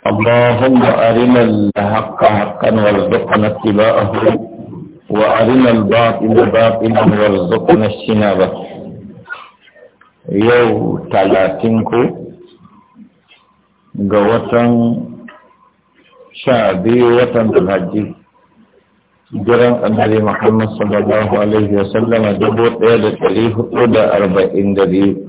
اللهم أرنا الحق حقا وارزقنا اتباعه وأرنا الباطل باطلا وارزقنا اجتنابه يو تلاتينكو قوة شعبي وطن الحجي jiran annabi محمد صلى الله عليه وسلم ɗaya da ɗari hudu أربعين arba'in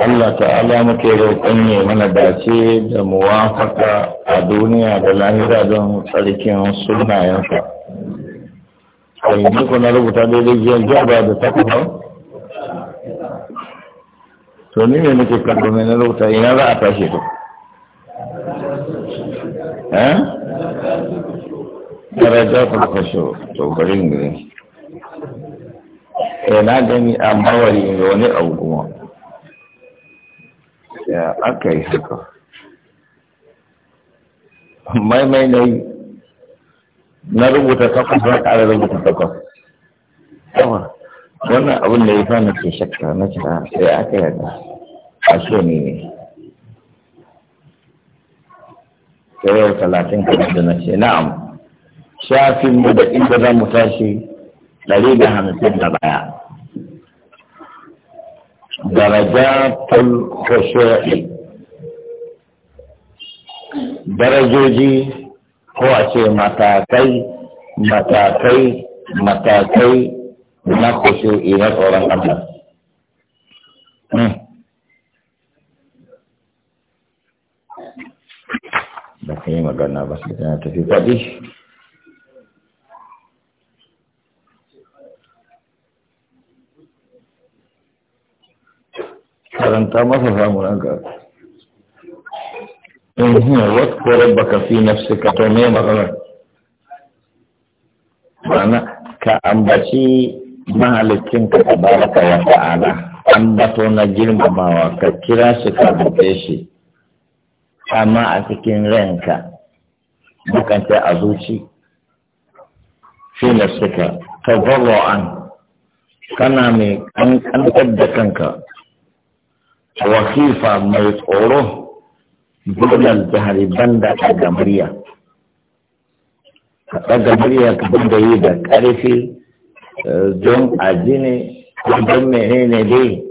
Allah ta'ala muke roƙon ne mana dace da muwafaka a duniya da lahira don tsarkin sunayensa. yi duk na rubuta daidai jiya jaba da takwa. To ni ne nake kan domin na rubuta ina za a tashi to. Eh? ja ku kashe to bari ne. Eh na gani amma wari ne wani abu kuma. ya aka yi haka maimai na yi na rubuta takwas na ƙara rubuta takwas yawa wannan abin da ya sa na ke shakka na cika ah, sai aka a so ne ne sai yau talatin kamar da na ce na'am shafin mu da inda za mu tashi ɗari da hamsin da baya درجات الخشوع darajoji ko a matakai matakai matakai na khushu'i na tsoron Allah da hmm. magana ba sai karanta masa samun ranka in hina wasu baka fi ka to ne matsalar ma'ana ka ambaci mahaliccin ka ka wa ta'ala bato na girmamawa ka kira shi ka buɗe shi amma a cikin ranka bukanta a zuci fi ta zolo an. kana mai kankantar da kanka wakifa mai tsoro dole jihari banda a gamariya ka ɗaga murya ka da yi da ƙarfi eh, don aji ne ko don menene dai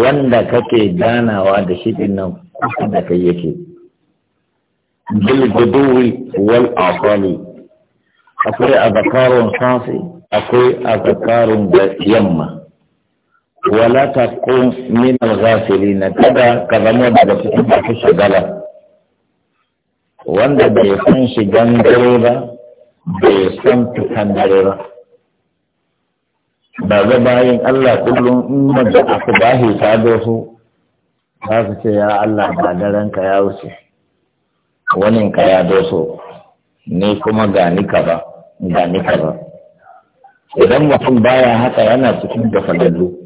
wanda kake ganawa da shi din nan kusa da kai yake bil guduwi wal asali akwai azakarun safi akwai azakarun yamma wala ta kun min al-ghafili na kada ka zama daga cikin masu shagala wanda bai san shigan dare ba bai san fitan dare ba ba ga bayan Allah kullum in mace ba bahi ta dosu za su ce ya Allah ba daren ka ya wuce wani ka ya doso ni kuma ga nika ba ga nika ba idan mutum baya haka yana cikin falallu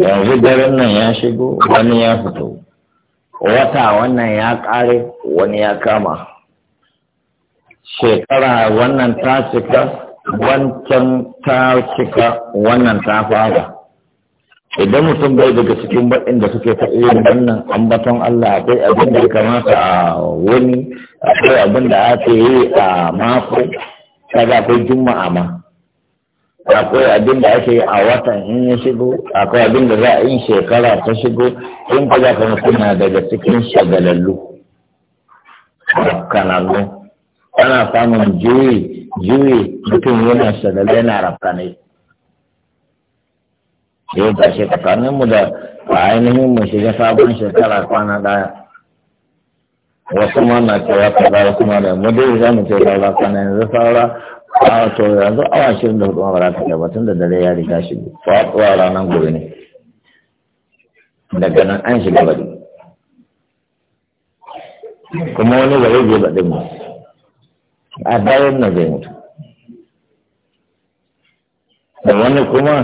yanzu daren nan ya shigo wani ya fito wata wannan ya ƙare wani ya kama shekara wannan ta cika wancan ta cika wannan ta fara idan mutum bai daga cikin baɗin da suke ta irin wannan ambaton Allah akwai abin da ya kamata a wani akwai abin da ake yi a mako kaga akwai juma'a ma akwai abin da ake a watan in ya shigo akwai abin da za a yi shekara ta shigo in ka za ka daga cikin shagalallu rafkanallu ana samun juyi juyi mutum yana shagalai yana rafkanai yau ga shekatanin mu da a ainihin mu shiga sabon shekara kwana daya wasu ma na cewa kaza wasu ma da mu dai za mu ce kaza kwana yanzu saura a ah, to yanzu awa shirin da hudu ma ba za ta gaba tun da dare ya riga shi faɗuwa ranar gobe ne daga nan an shiga bari kuma wani ba zai je baɗin ba a bayan na zai mutu da wani kuma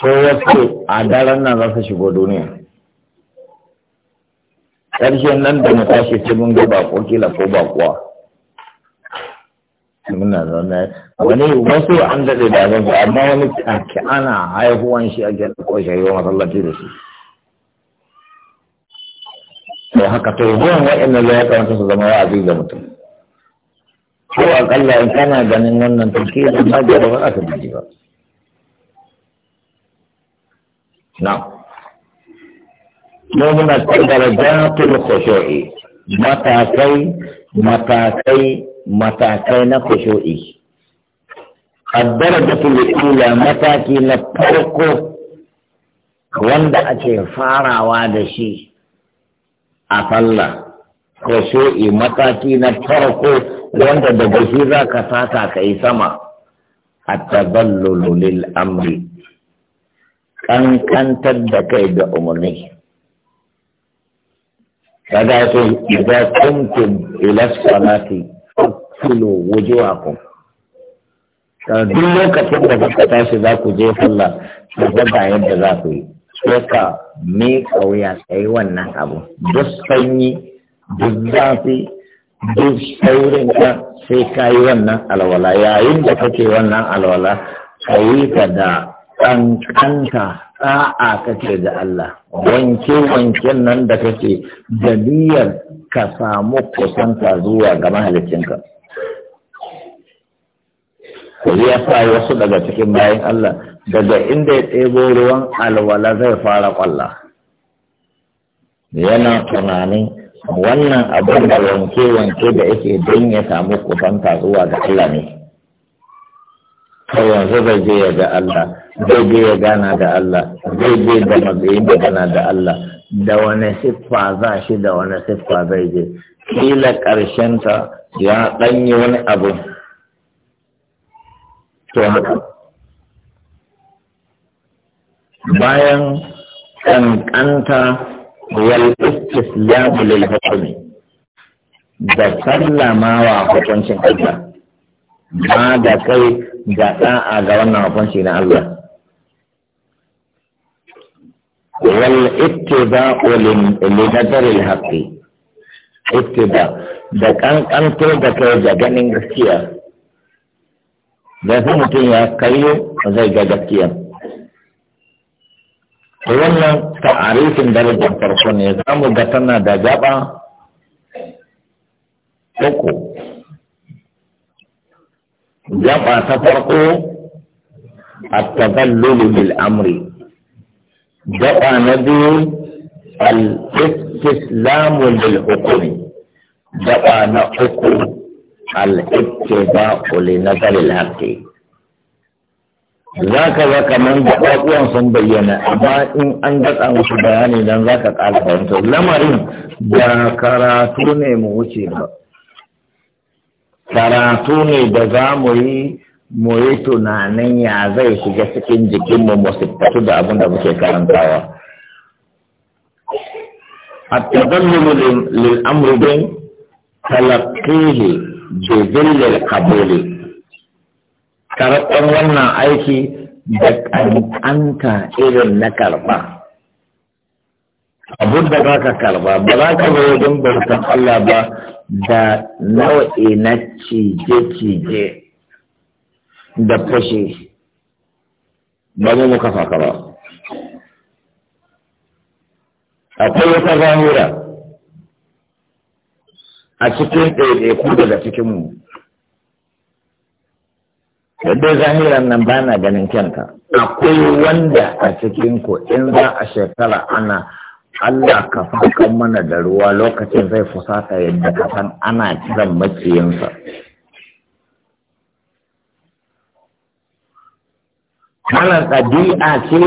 ko wasu a daren nan za su shigo duniya ƙarshen nan da mu tashi cikin mun ga kila ko bakuwa muna zaune wani wasu an daɗe da abin amma wani ake ana haihuwan shi ake ɗauko shi haihuwa masallaci da shi to haka to zuwan waɗanda zai ya kamata su zama wa'azi ga mutum ko aƙalla in kana ganin wannan turki da ba da ba za ka biji ba na mu muna kan darajatul khushu'i matakai matakai matakai na kushu'i الدرجة mataki na farko wanda ake farawa da shi a falla khushu'i mataki na farko wanda daga shi za ka taka ka yi sama a ballulu amri kankantar da kai da umarni kada sai idan kuntum ila salati fakulu wujuhakum duk lokacin da kuka tashi za ku je sallah ku zaba yadda za ku yi sai ka mi kauya tsaye wannan abu duk sanyi duk zafi duk saurin ka sai ka yi wannan alwala yayin da kake wannan alwala ka yi ka da kankanta sa'a kake da Allah wanke wanken nan da kake da ka samu kusanta zuwa ga mahalicinka Kuri ya sa wasu daga cikin bayan Allah daga inda ya ɗebo ruwan alwala zai fara kwalla. Yana tunanin wannan abin da wanke-wanke da yake don ya samu kusanta zuwa ga Allah ne. Kawai yanzu zai je ya ga Allah, zai je ya gana da Allah, zai je da matsayin da gana da Allah, da wani siffa za shi da wani siffa zai je kila ta ya ɗanyi wani abu to haka bayan ƙanƙanta wal istislamu lil hukmi da sallamawa hukuncin Allah ba da kai ga da'a ga wannan hukunci na Allah والاتباع لنظر الحق اتباع ده كان كان كل ده كذا كان انغسيا ده هو متين يا كيو زي جاكيا ولا تعريف درجة فرقون يزام وقتنا ده جابا اوكو جابا تفرقو التذلل بالامر gaba na biyu al-istislamu lil hukumi gaba na uku na ittibau li za ka za ka ga kaman gaɓaɓuwan sun bayyana amma in an gasa wasu bayani dan zaka ƙara fahimta lamarin da karatu ne mu wuce ba karatu ne da za mu yi mu tunanin ya zai shiga cikin jikinmu mu sifatu da abin da muke karantawa. A tabar nemo lil'amurin talakili jejin lil'abuli, karɓar wannan aiki da ƙarƙanta irin na karɓa. Abun da ka karɓa, ba za ka zai don bautan Allah ba da nau'i na cije-cije. da fashe ba mu muka faka ba akwai wata zahira a cikin ɗaiɗaiku daga cikinmu Yadda zahiran nan ba na ganin kyanta akwai wanda a cikin ku in za a shekara ana Allah ka fakan mana da ruwa lokacin zai fusata yadda kasan ana kiran maciyinsa. kana ɗabi'a ce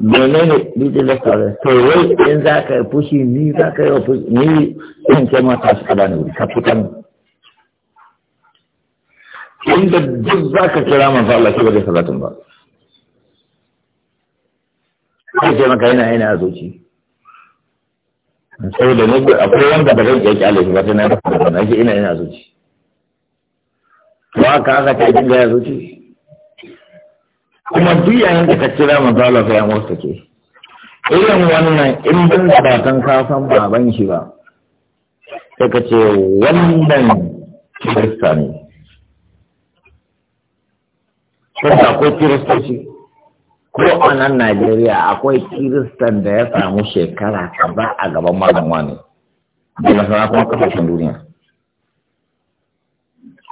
mene ne dutse da kare to wai in za ka yi fushi ni za ka yi fushi ni in ce mata su kada ne ka ne inda duk za ka kira manzo Allah shi ba zai salatin ba ka ce maka yana yana a zuci saboda ne akwai wanda ba zan iya kyale shi ba sai na yi ba na ina yana a zuci to haka haka ta dinga ya zuci kuma duk yayin da ka kira manzala fa ya motsa ke irin wannan in ban da batan ka san baban shi ba sai ka ce wannan kirista ne sai akwai kiristoci ko a nan Najeriya akwai kiristan da ya samu shekara ba a gaban malam wani da masana kuma kasashen duniya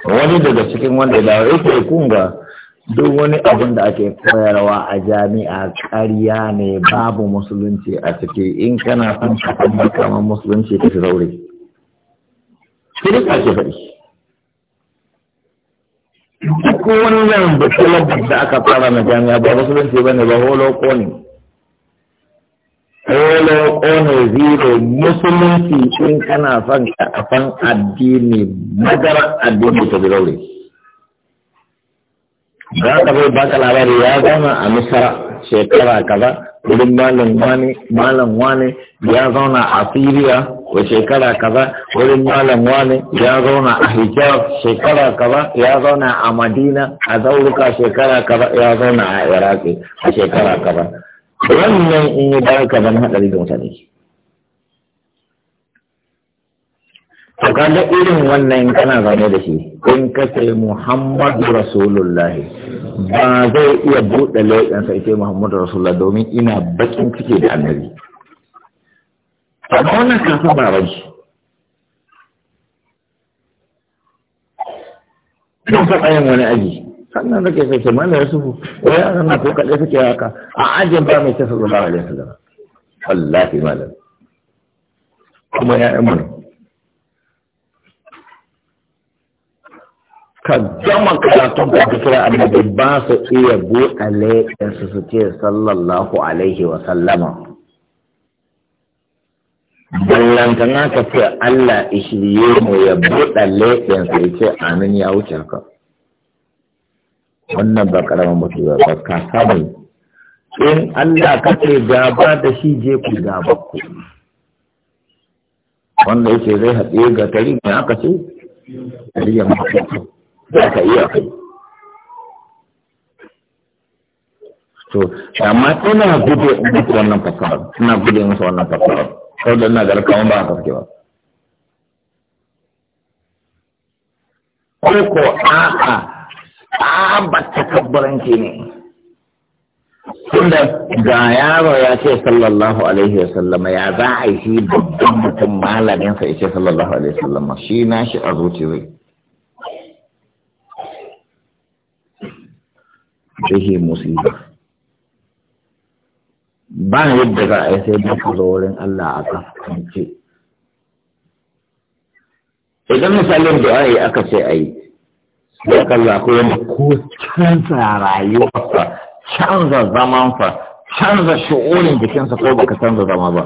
wani daga cikin wanda ya dawo yake eh, kunga duk wani abin da ake koyarwa a jami'a ƙarya ne babu musulunci a ciki in kana son ka kamar kamar musulunci ka zaure kirista ke faɗi wani yan bakalar da aka fara na jami'a ba musulunci ba ne ba holo ko ne holo ko ne musulunci in kana son ka san addini madarar addini ka zaure za ka bai baka labari ya zauna a misra shekara kaza wurin malam wani malam ya zauna a siriya wa shekara kaza wurin malam wani ya zauna a hijab shekara kaza ya zauna a madina a zauruka shekara kaza ya zauna a iraki a shekara kaza wannan in yi baka ban hadari da mutane to da irin wannan kana zaune da shi in ka ce muhammadu rasulullahi ba zai iya buɗe leƙensa ita muhammadu rasulullahi domin ina bakin ciki da annabi amma wannan kafin ba shi kan faɗa yin wani aji sannan ke sai ce mana ya sufu ko ya nan ko kaɗai suke haka a ajin ba mai ce sallallahu alaihi wasallam wallahi malam kuma ya'yan mu ka gama karatun kira annabi ba su iya buɗa leɓensu su ce sallallahu alaihi wa sallama ballantana ka ce Allah shirye mu ya buɗe leɓensu ya ce amin ya wuce ka. wannan ba ƙaramin mutu ba ba ka sani in Allah ka ce gaba da shi je ku gaba ku wanda yake zai haɗe ga tari ne aka ce ya mutu za ka iya kai to amma ina gudu duk wannan fasarar ina gudu masa wannan fasarar kawai da ina ga kawon ba a kaske ba ko ko a'a tsabar ke ne tunda ga yaro ya ce sallallahu alaihi wa sallama ya za a yi shi babban mutum malaminsa ya ce sallallahu alaihi wa sallama shi na shi a zuci zai bihi musiba ba yadda za a yi sai da zo wurin Allah a kasance idan misalin da yi aka ce ayi ya kalla ko wanda ko canza rayuwarsa canza zamanfa canza shi'unin jikinsa ko baka canza zama ba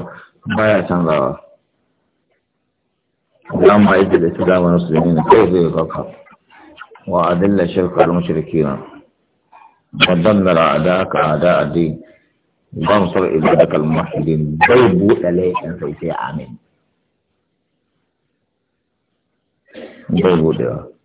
baya canzawa za mu haɗu da su damar su ne kai zai zaka wa adilla shirka al-mushrikina فضلنا أعداءك أعداء الدين وانصر عبادك الموحدين بيبو إليك أن سيسي آمين بيبو ديوه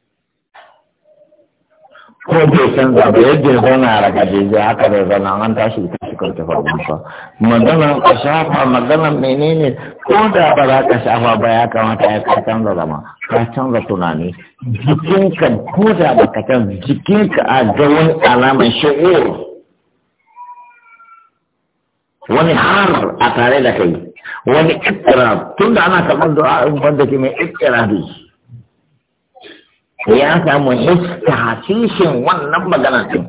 ko bai canza ba yadda ya zauna a ragaje zai haka da zana an tashi tashi shi ta faru ba magana ka shafa magana menene ko da ba za ka shafa ba ya kamata ya ka canza zama ka canza tunani jikinka ko da ba ka canza jikinka a ga wani alamar shi'ur wani har a tare da kai wani ikira tunda ana da'a in banda ke mai ikira biyu ya samu histasishin wannan magana din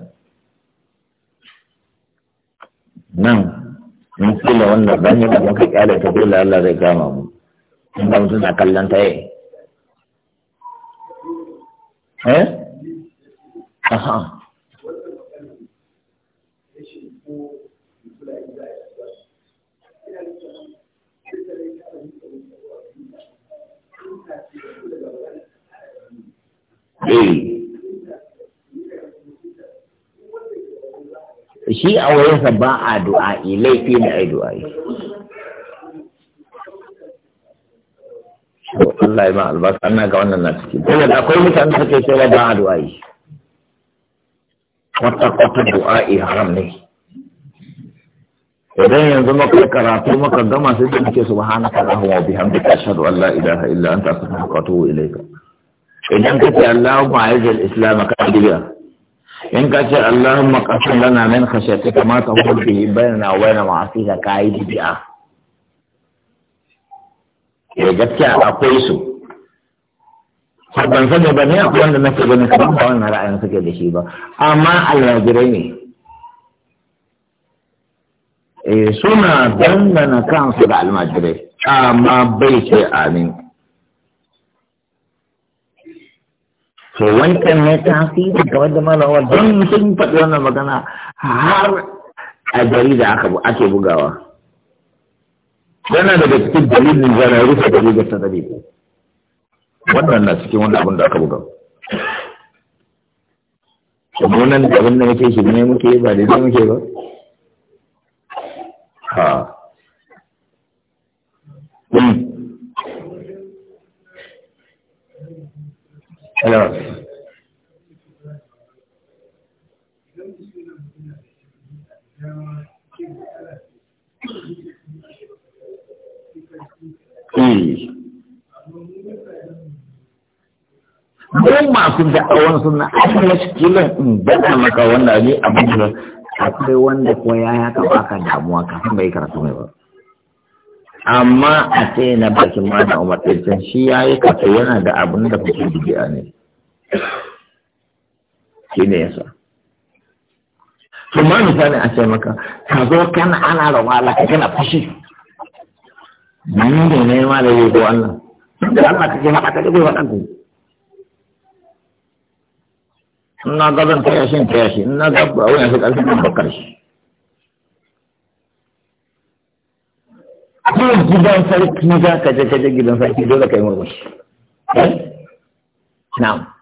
nan mun kila wannan zanyi da muka kyale ta kila Allah zai kama mu in ba mutum na kallon ta yi eh? eh aha eh shi a wurinsa ba a du'a laifi ne a yi du'a Allah ya ma albasa ana ga wannan na ciki dole da akwai mutane da suke cewa ba a du'a yi. kwata kwata du'a'i haram ne idan yanzu muka karatu maka gama sai da muke subhanaka allahumma wa bihamdika ashhadu an la ilaha illa anta astaghfiruka wa atubu ilayka idan ka ce Allahumma a'iz al-islam ka dubiya in ka ce Allahumma qasim lana min khashyatika ma taqul bi bayna wa bayna ma'asika ka yi dubiya ke gaskiya akwai su ban sani ba ne akwai wanda nake gani kamar ba wannan ra'ayin suke da shi ba amma almajirai ne eh suna dangana kansu da almajirai amma bai ce amin so wancan ne tasiri ga wanda malawa don sun faɗi wannan magana har a jarida aka ake bugawa yana daga cikin dalilin zana rufe jaridar ta zabe wannan na cikin wani abin da aka buga kuma nan da abin da muke shi ne muke ba da muke ba ha hmm. na Mun masu da'awar suna akwai mashikilin in bada maka wanda ne abin da akwai wanda ko ya ya damuwa kafin bai karatu mai ba. Amma a ce na bakin ma da umar ɗin shi ya yi kasa yana da abin da kuke bibiya ne. shine yasa kuma misali a ce maka ka zo kan ana da wala ka kana fushi nan ne ne ma da yi ko Allah da Allah ka kake haka da gowa dan ku na ga zan taya shi taya shi ina ga ba wani sai kalfi ba bakar shi ko gidan sarki za ka je ka je gidan sarki dole ka yi murmushi eh? na'am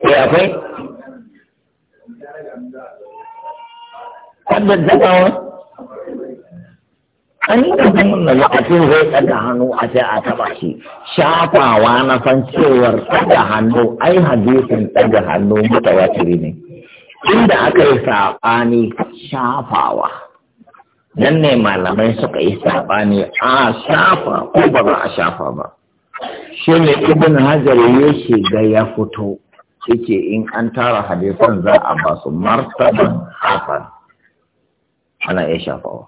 Eh akwai? Wannan yi da lokacin zai ɗaga hannu a sai a taɓa shi. Shafawa na san cewar ɗaga hannu, ai hadisin ɗaga hannu mutawatiri ne. Inda aka yi saɓani shafawa. Nan ne malamai suka yi saɓani a shafa ko ba za a shafa ba. shi ne ibn hajar ya shiga ya fito yake in an tara hadisan za a ba su martaban hafan ana iya shafawa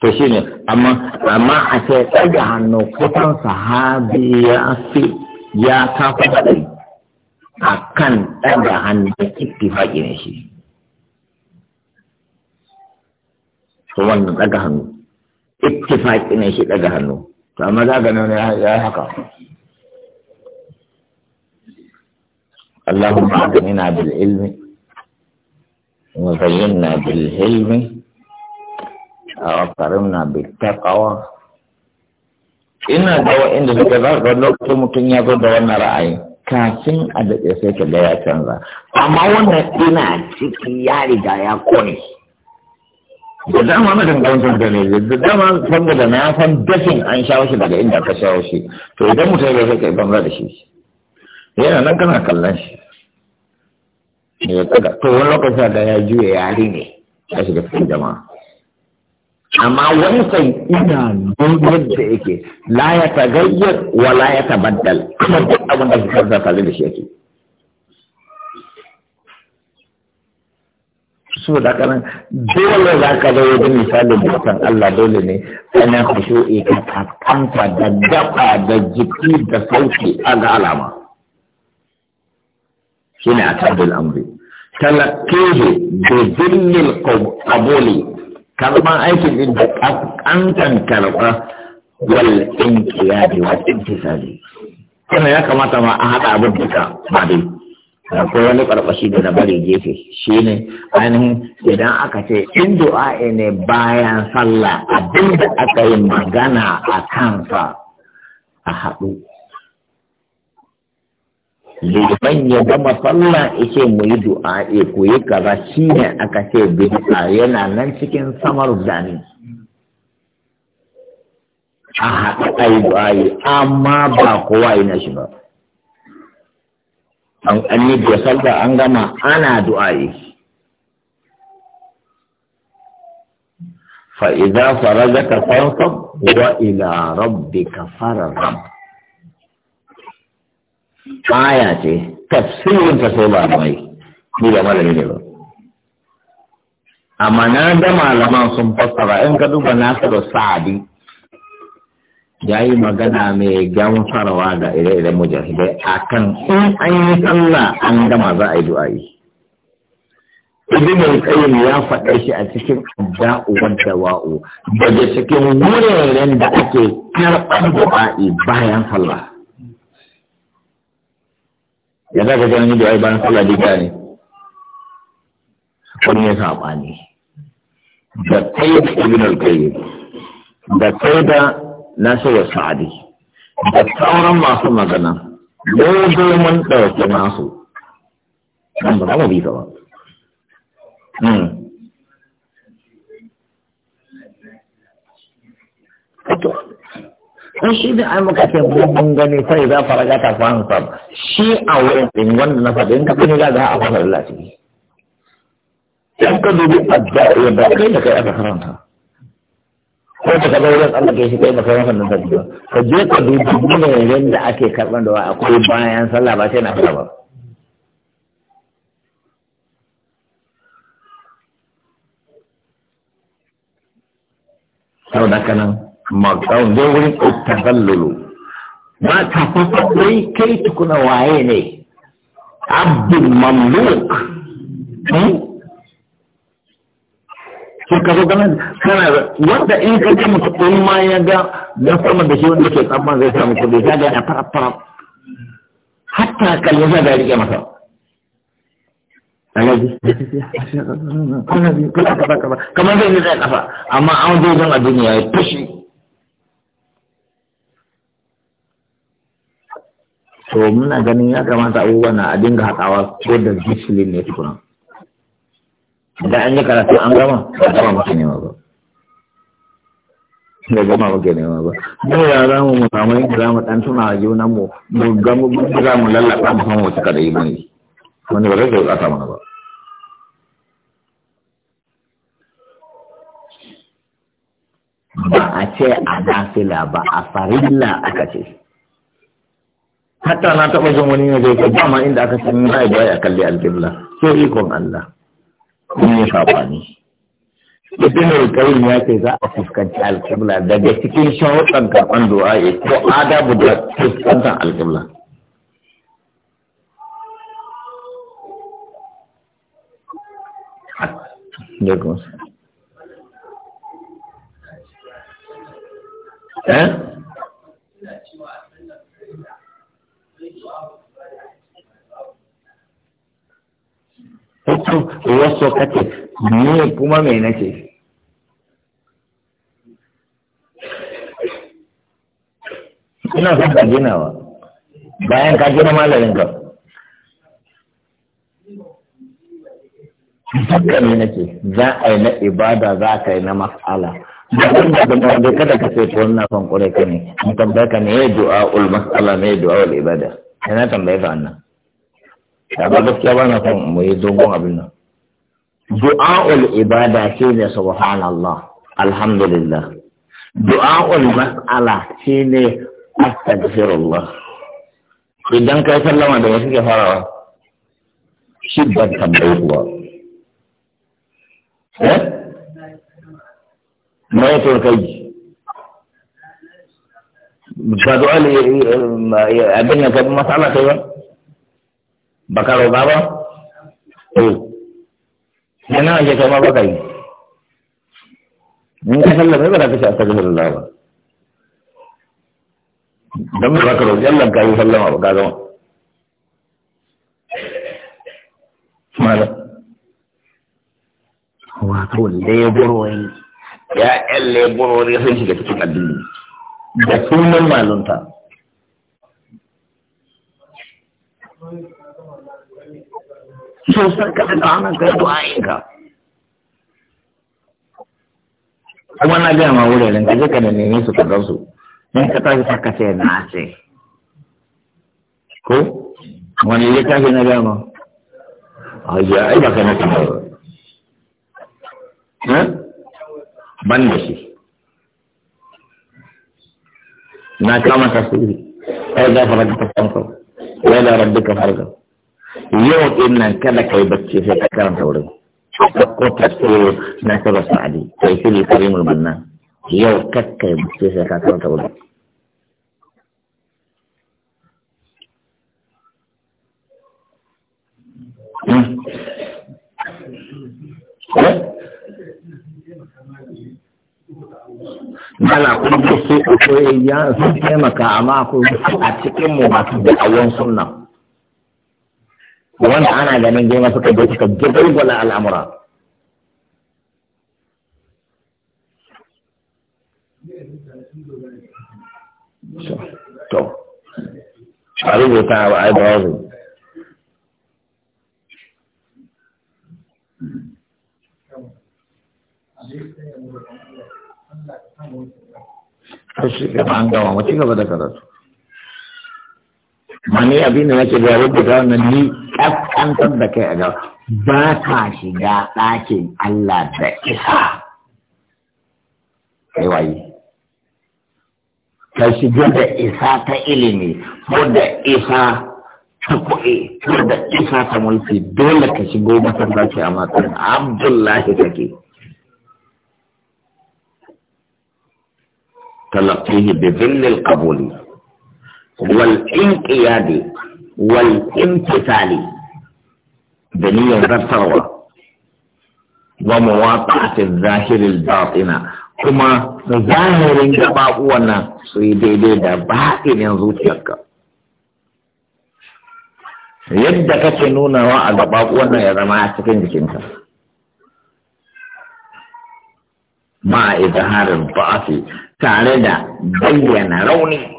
to shi ne amma a ce ɗaga hannu kusan sahabi ya fi ya kafa ɗari a kan ɗaga hannu ittifaƙi ne shi to wannan tsaga hannu ittifaqi ne shi daga hannu to amma za ga nan ya haka اللهم أعطنا بالعلم وزينا بالحلم وأكرمنا بالتقوى ina da wa'inda suka za ga lokacin mutum ya zo da wannan ra'ayi kafin a daɗe sai ka ga ya canza amma wannan ina ciki ya riga ya kone da dama na kan kawantar da ne da dama sanda da na san dashin an shawo shi daga inda ka shawo shi to idan mutum ya kai banza da shi yana nan kana kallon shi ya kada to wani lokaci da ya juya ri ne ya shiga cikin jama'a amma wani sai ina duniyar da yake la ya tagayyar wa la ya tabaddal kuma duk abin da ka zaka da shi yake so da kanan dole za ka zo wajen misalin bautan Allah dole ne sannan khushu'i ka kaskanta da gaba da jiki da sauki a ga alama ne a tabbil amri talakkihi bi dhillil kaboli kalman aikin din da kaskantan karba wal inqiyadi wal intisali kuma ya kamata ma a haɗa abin duka ba dai akwai wani karbashi da na bari gefe shine ainihin idan aka ce in du'a ne bayan sallah abin da aka yi magana a kansa a haɗu liman ya gama sallah ce mu yi e ku yi kaza ne aka ce bid'a yana nan cikin samar zani a haɗu a yi amma ba kowa yana shi ba an yi da salga an gama ana du'a'i fa idza farajaka fansab wa ila rabbika farajab aya ce tafsirin ta sai ba mai ni da malami ne ba amma na da malaman sun fassara in ka duba nasiru sa'adi ya yi magana mai gamsarwa ga ire-iren mujahidai a kan in an yi sallah an gama za a yi du'a'i. Ibn Qayyim ya faɗa shi a cikin da'u wadda wa'u daga cikin wuraren da ake karɓar du'a'i bayan sallah. Ya za ka gani du'a'i bayan sallah duka ne. Wani ya saɓa ne. Da Qayyim Ibn Qayyim da kai da na shirya sa'adi da sauran masu magana dodo mun ɗauke nasu nan ba za mu bi ba hmm. in shi da ai muka ce mun gani sai za fara gata ta fahimta shi a wurin din wanda na faɗi in ka gani za a fara lalace in ka dubi addu'a da kai da kai aka karanta ko ta ka wajen Allah ke shi kai ba kai wannan sabbi ba ka je ka dubi duniya yanayin da ake karɓar da akwai bayan sallah ba sai na fara ba sau da kanan magawun zai wurin tazallulu ba ta fasa dai kai tukuna waye ne abdul mamluk hmm? sai ka zo ganin kana wanda in ka ga mutum in ma ya ga dan sama da shi wanda ke tsamman zai samu kuɗi ya ga na faraf faraf hatta kalli za da rike masa alaji kana bi kana kaza kaza kamar zai ne zai kafa amma an zai don a duniya ya fashi to muna ganin ya kamata abubuwa na a dinga haɗawa ko da discipline ne tukuna da an yi karatu an gama ba gama maka nema ba da gama maka nema ba mu ya za mu mu samu yadda za mu dan tuna a junan mu mu gama mu za mu lallaka mu san wata kada yi mani wani ba zai zo kasa mana ba ba a ce a nafila ba a farilla aka ce hatta na taɓa jin wani ne zai ba ma inda aka san ba a kalli alƙibla sai ikon Allah kun yi ne. ibn al-qayyim ya ce za a fuskanci al-qibla daga cikin sharuɗan karɓan du'a ko adabu da fuskantar al-qibla Eh? hukum wasu kake ne kuma mai nake ina son ka wa, bayan ka gina malarin ka haka ne nake za a yi na ibada za ka yi na mas'ala da wanda wanda kada ka sai ko wannan son kure ka ne mutum tambaye ka ne ya du'a ul mas'ala ne du'a ul ibada ina tambaye ka wannan da ba gaskiya ba na son mu yi dogon abin nan du'a'ul ibada shi ne subhanallah alhamdulillah du'a'ul mas'ala shi ne astaghfirullah idan kai sallama da wasu ke farawa shi ban tambayi kuwa eh mai to kai ba du'a'ul abin nan kai mas'ala kai ba baka baba o yana ya ta ma bakai Ni ka sallame ba za ka ce da ba dan ba ka roƙi Allah ka yi sallama ba ka zama malam wato leburori ya'yan sai shi shiga cikin addini da sunan malunta sosai ka daga hannun ka zuwa ka kuma na gaya ma wuri ne, kaje ka da nemi su ka gan su ka tashi ta kace na ce ko wani littafi na gaya ma a ji ai ba ka na ba. Eh? ban da shi na kama ta ai za ka rage ta kanka ya da rabbi ka farga yau din nan kada ka yi bacci sai ka karanta wuri. ko tafsir na saba sa'adi kai shi ne karimul manna yau kakkai bacci sai ka karanta wuri. Hmm. Eh? Mala kun ce su ya sun taimaka amma ku a cikin mu masu da'awon sunan. wanda ana ganin girma suka je suka gidalgwala al'amura to a rubuta wa aibawazu Kashi gaba an gama, mace gaba da karatu. mani abin da nake da rubuta wannan ni kaskantar da kai a ga ba ka shiga ɗakin Allah da isa kai waye ka shiga da isa ta ilimi ko da isa ta kuɗi ko da isa ta mulki dole ka shigo masallaci a matsayin abdullahi kake talaqtihi bi dhillil qabuli والانقياد والامتثال بنية الثروة ومواطعة الظاهر الباطنة كما ظاهر جباؤنا سيدي دي باطن ينزوتك يدك تنونا وعد باؤنا يا ما تكنك مع إظهار الضعف بين روني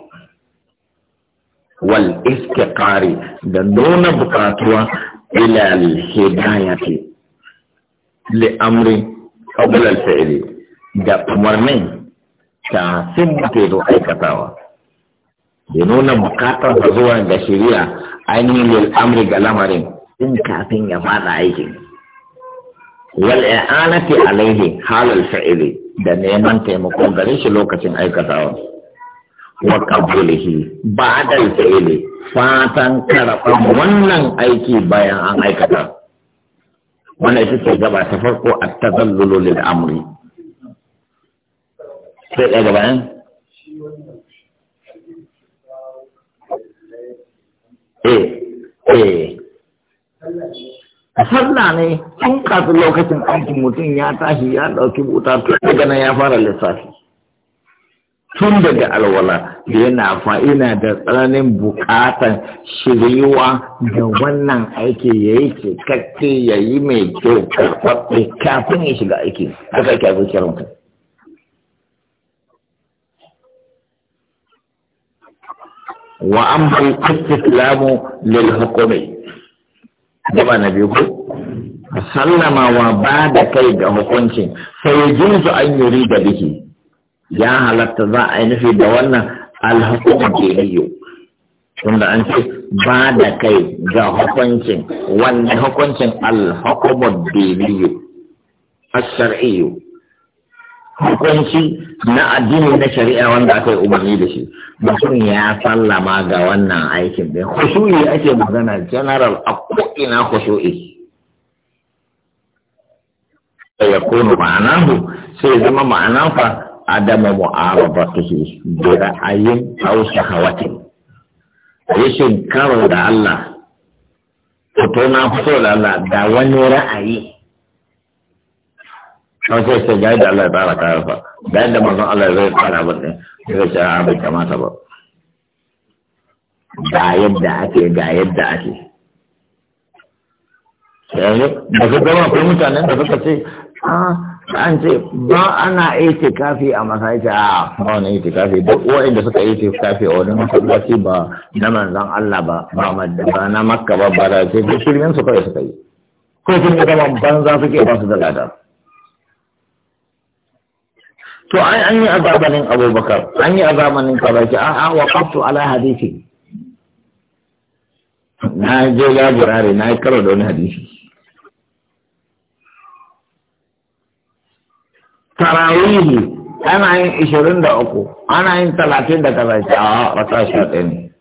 wal istiqari da nuna bukatuwa ila al-hidayati li amri qabla al da umarnin kafin mutum zo aikatawa Da nuna bukatar da zuwa ga shari'a ainihin lil amri ga lamarin in kafin ya fada aiki wal i'anati alaihi halal fi'li da neman taimako gare shi lokacin aikatawa wa qabulihi ba'da al-fi'li fatan karban wannan aiki bayan an aikata wannan ita ce gaba ta farko at-tazallulu lil amri sai ɗaya gaba bayan eh eh a eh. sarla ne tun kafin lokacin aikin mutum ya tashi ya ɗauki buta tun daga nan ya fara lissafi tun daga alwala yana fa'ina ina da tsananin bukatan shiryuwa da wannan aiki ya yi cikakke ya yi mai kyau karfafi kafin ya shiga aiki haka ake abin kiran ka wa an bai islamu lil hukumi gaba na biyu ko sallamawa ba da kai ga hukuncin sai jinsu an yuri da biki ya halatta za a yi nufi da wannan alhukun jeliyo tunda an ce ba da kai ga hukuncin wannan hukuncin alhukumun A ashar'iyo hukunci na addini na shari'a wanda aka yi umarni da shi mutum ya sallama ga wannan aikin bai khushu'i ake magana general a ko'ina khushu'i ya kunu ma'anahu sai zama fa. adama mu'arabatuhu bi ra'ayin aw shahawatin rashin karo da Allah fito na fito da Allah da wani ra'ayi kawai sai sai ga Allah ya tsara kayan fa ga yadda Allah zai tsara ba din zai a kamata ba ga yadda ake ga yadda ake da mutanen da suka ce an ce ba ana kafi a masaita a wani kafi duk da suka ita kafi a wani masallaci ba na manzan Allah ba ba na Makka ba ba da ce duk shirin su kawai suka yi ko sun yi zaman banza suke ba su da lada to ai an yi azabanin Abubakar an yi azabanin Kabaki a'a awa qaftu ala hadisi na je ya burare na yi karo da wani hadisi tarawihi ana yin ishirin da uku ana yin talatin da kaza ce a wata sha ɗaya ne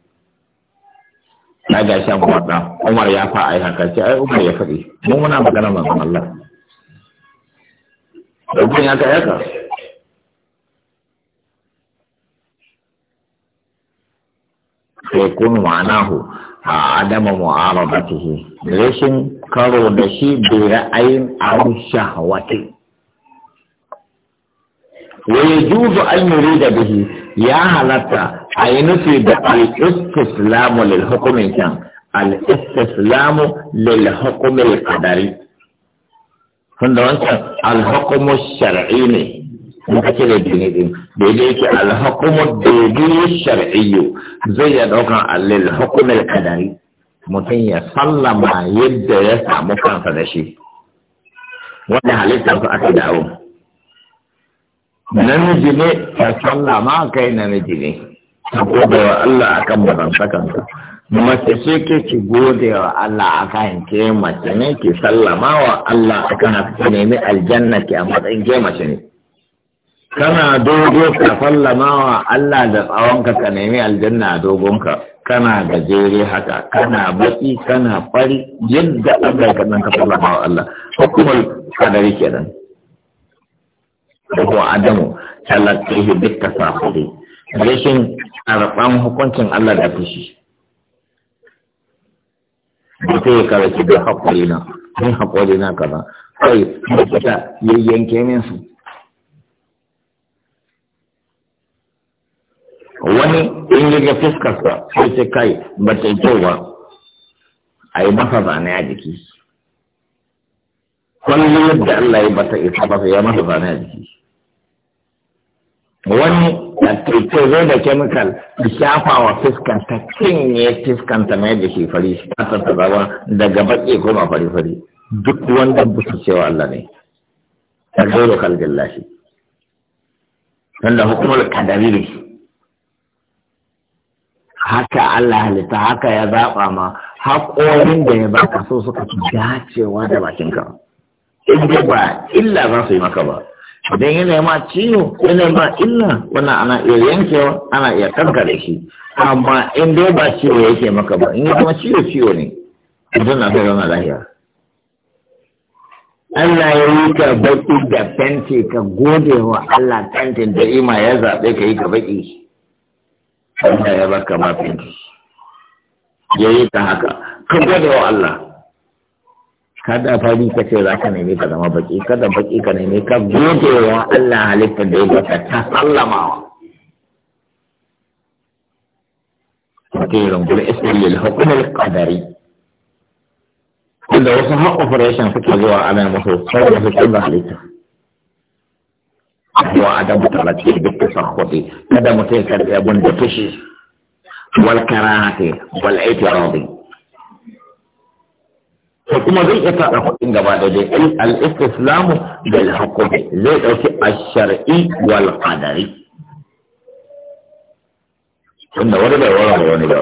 na ga shan kwaɗa umar ya fa ai haka ce ai umar ya faɗi mun muna magana ma Allah rubun ya ka yaka sai kun ma'anahu a adama mu'arabatihi rashin karo da shi bi ra'ayin aw shahwatin wa yajuzu an da bihi ya halatta a yi nufi da al-istislamu lil hukumin kan al-istislamu lil hukumil qadari tunda wancan al-hukumu shar'i ne in ka cire dini din daidai yake al-hukumu daidai shar'iyyu zai ya daukan al-hukumil qadari mutum ya sallama yadda ya samu kansa da shi wanda halittar su aka dawo namiji ne ya sallah ma kai namiji ne ka gode wa Allah a kan mazantakanka mace ce ke ki gode wa Allah kan ke mace ne ki sallama wa Allah a kan haka nemi aljanna ke a matsayin ke mace ne kana dogo ka sallama wa Allah da tsawonka ka nemi aljanna a dogonka kana gajere haka kana baki kana fari yadda Allah ka sallama wa Allah hukumar kadari kenan ko adamu talaqqihi bitasahudi rashin karban hukuncin Allah da fushi mutum ya karaki da haƙuri na yin haƙuri na kaza kai mutuka yayyanke min su wani in yi ga fuskarsa sai ce kai ba ta kyau ba a yi masa zane a jiki kwallo yadda Allah ya bata isa ba ya masa zane a jiki wani ta zai da kemikal da shafa wa ta cinye ta mai da shi fari shi kasar ta zama daga baƙi ko fari fari duk wanda busu cewa Allah ne ta zai da lashi wanda hukumar kadari ne haka Allah halitta haka ya zaɓa ma haƙorin da ya baka so suka dacewa da bakinka in ba illa za su yi maka ba idan yana ma ciwo yana ma illa wannan ana iya yankewa ana iya kankare shi amma in dai ba ciwo yake maka ba in kuma ciwo ciwo ne idan na zama lahiya Allah ya yi ka baki da fenti ka gode wa Allah fentin da ima ya zaɓe ka yi ka baki Allah ya baka ma fenti ya yi ta haka ka gode wa Allah kada fari ka ce za ka nemi ka zama baki kada baki ka nemi ka gode wa Allah halitta da ya baka ta sallama sallamawa mutum ya rungumi isra'il hukumar kadari da wasu har operation suke zuwa ana musu sauran su canza halitta wa adam talaci duk da sakhwati kada mutum ya karbi abun da fushi wal karahati wal aitiradi kuma zai iya fada kuɗin gaba da dai al-istislamu bil hukumi zai dauki ash-shar'i wal qadari tunda wani bai da wani ba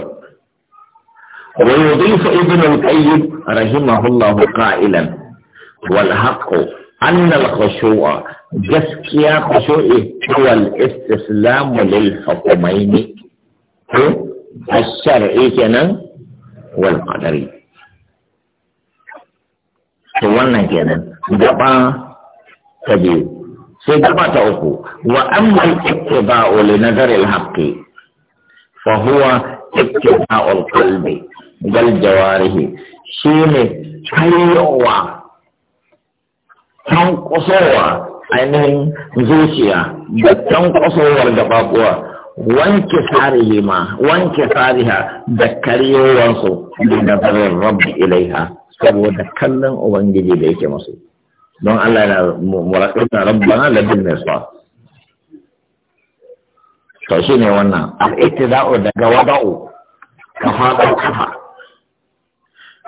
ويضيف ابن القيم رحمه الله قائلا والحق أن الخشوع جسكيا خشوعي هو الاستسلام للحكمين الشرعي wal qadari to wannan kenan gaba ta biyu sai gaba ta uku wa ammal ittiba'u li na al-haqqi fa huwa ikke ba qalbi gal jawarihi ne kayowa kusowa ainihin zuciya da tankusowar gababuwa wanke sarihi ma wanke sariha da karyowarsu da nazarin rabbi ilaiha saboda kallon ubangiji da yake masu don Allah yana muraƙarta rabbana labin mai sa to shi ne wannan al'ittiza'u daga wada'u ka faɗa kafa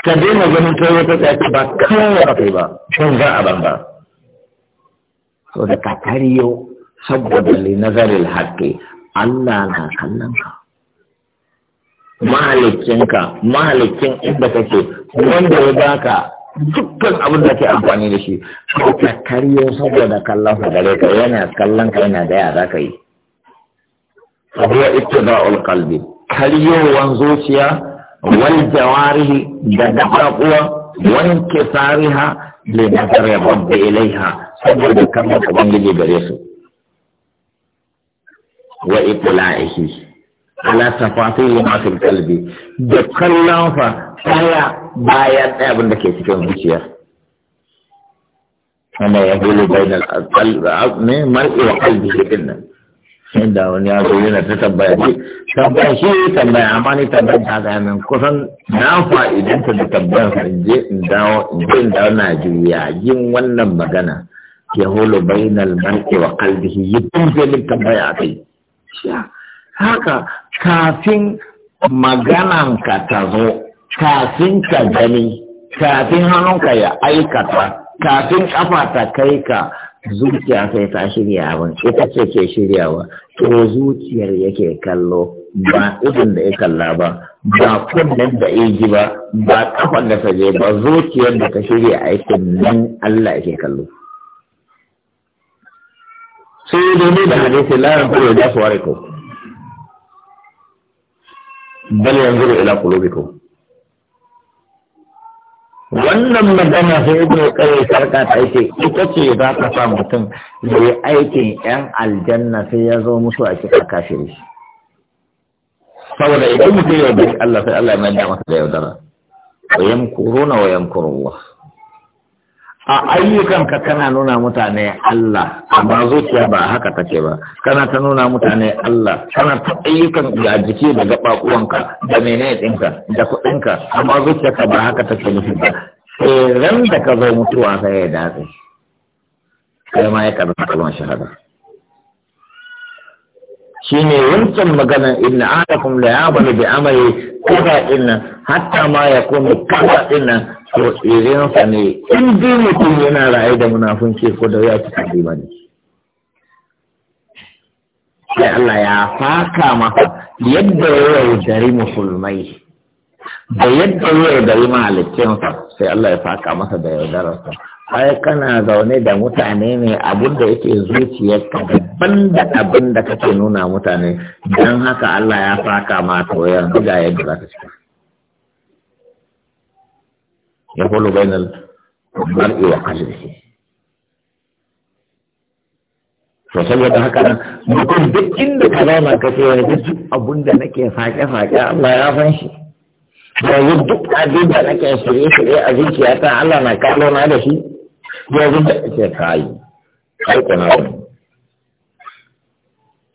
ka daina ganin ta wata ba kawai ba kai ba shan za a banza so da ka kariyo saboda li nazarin haƙƙi Allah na kallon ka mahalicinka mahalicin inda kake wanda ya baka dukkan abin da ke amfani da shi ka kariyo saboda kallon ka gare ka yana kallon ka yana gaya za ka yi fahuwa ittiba'ul qalbi karyowan zuciya wal jawarihi da dafaquwa wanke sariha li nazar rabbi ilaiha saboda kallon ubangiji gare su wa shi. ala tafasil ma fi kalbi. da kallon fa tsaya bayan ɗaya abin da ke cikin zuciya kama ya hulu bainal ne mar'i wa qalbi din nan inda wani ya zo yana ta tambaya ce tambaya shi ne tambaya amma ni tambayar ta ga nan kusan na idan ta da tambayar sa je in dawo in je in dawo Najeriya yin wannan magana ya hulu bainal mar'i wa qalbihi yi zai tambaya a kai haka kafin maganan ka ta zo kafin ka gani kafin hannunka ya aikata kafin kafa ta kai ka zuciya sai ta shirya abin ita ce ke shiryawa to zuciyar yake kallo ba idin da ya kalla ba ba kunnen da ya ji ba ba kafa da ta je ba zuciyar da ta shirya aikin nan Allah yake kallo sai domin da hadisi la da da su wariko bal yanzuru ila qulubikum wannan magana sai ibn qayyim sarka ta ce ita ce za ka sa mutum da aikin yan aljanna sai ya zo musu a cikin kafiri saboda idan mutum ya bi Allah sai Allah ya manta masa da yaudara wa yamkuruna wa a ayyukanka kana nuna mutane Allah amma zuciya ba haka take ba kana ta nuna mutane Allah kana ta ayyukan da jiki da gaba ka, da mene ɗinka da kuɗinka amma zuciya ka ba haka take nufi ba sai ran da ka zo mutuwa sai ya dace kai ma ya karanta kalmar shahada shi ne wancan maganan inna da la ya'malu bi amali kaza inna hatta ma yakunu kaza inna to irin sa ne in dai mutum yana ra'ayi da munafunci ko da ya ci ba ne sai Allah ya faka masa yadda ya yaudari musulmai da yadda ya yaudari mahalicinsa sai Allah ya faka masa da yaudararsa ai kana zaune da mutane ne abin da yake ka ban da abin da kake nuna mutane don haka Allah ya faka ma to yanzu ga yadda za ka cika ya kulu bainal mar'i wa qalbihi to saboda haka nan mutum duk inda ka zauna ka ce wani duk abin da nake fake-fake Allah ya san shi yanzu duk abin da nake shirye-shirye a zuciyata Allah na kallo na da shi yanzu da ake kayi kai kuna wani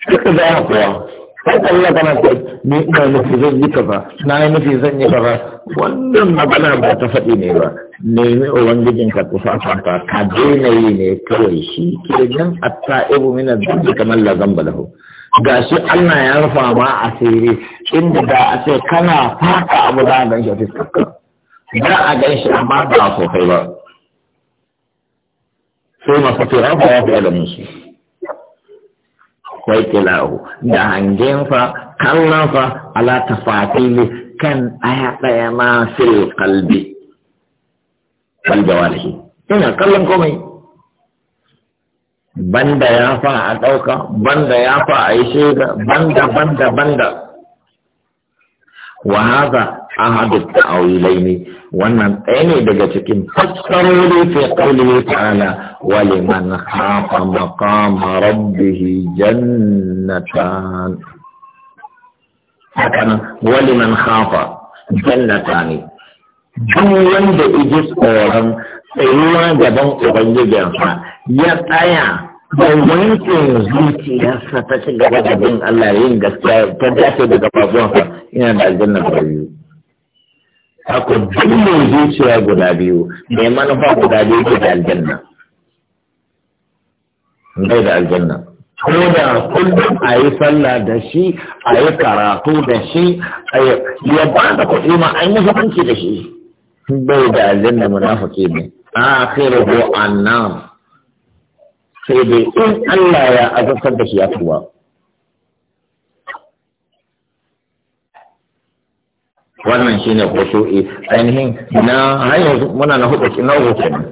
duka za a kuwa kai kalla kana ta ni ina nufi zan yi ba na yi nufi zan yi ba wannan magana ba ta faɗi ne ba nemi ubangijin ka kusa ka ka daina ne ne kawai shi ke nan a ta'ibu mina duk kamar da balahu ga shi Allah ya rufa ma asiri inda da a ce kana fata abu za a ganshi. shi a fiskarka za a gan shi amma ba sosai ba Ko sai masu turafa ya fi alamin shi wai tilahu da hangen fa kallon fa ala tafatili kan aya daya ma fil qalbi wal jawarihi ina kallon komai banda ya fa a ɗauka banda ya fa a yi shaida banda banda banda wa haza ahadu ne. wannan ɗaya ne daga cikin fassaroli fi qawlihi ta'ala wa liman khafa maqama rabbih jannatan hakana wa liman jannatan duk wanda iji tsoron tsayuwa gaban ubangijinsa ya tsaya da wankin zuciyarsa ta shiga gaba gabin Allah yin gaskiya ta dace da gabazuwansa ina da aljanar ta biyu Ako dukkan zuciya guda biyu, mai manufa guda biyu ke da aljanna. Bai da aljanna. Ko da kullum a yi sallah da shi, a yi karatu da shi, ya ba da kuɗi ma an yi hukunci da shi. Bai da aljanna munafiki ne. A akhiru ko annar. Sai dai in Allah ya azabtar da shi ya tuba. wannan shine khushu'i ainihin na hanyar muna na hudu na hudu kenan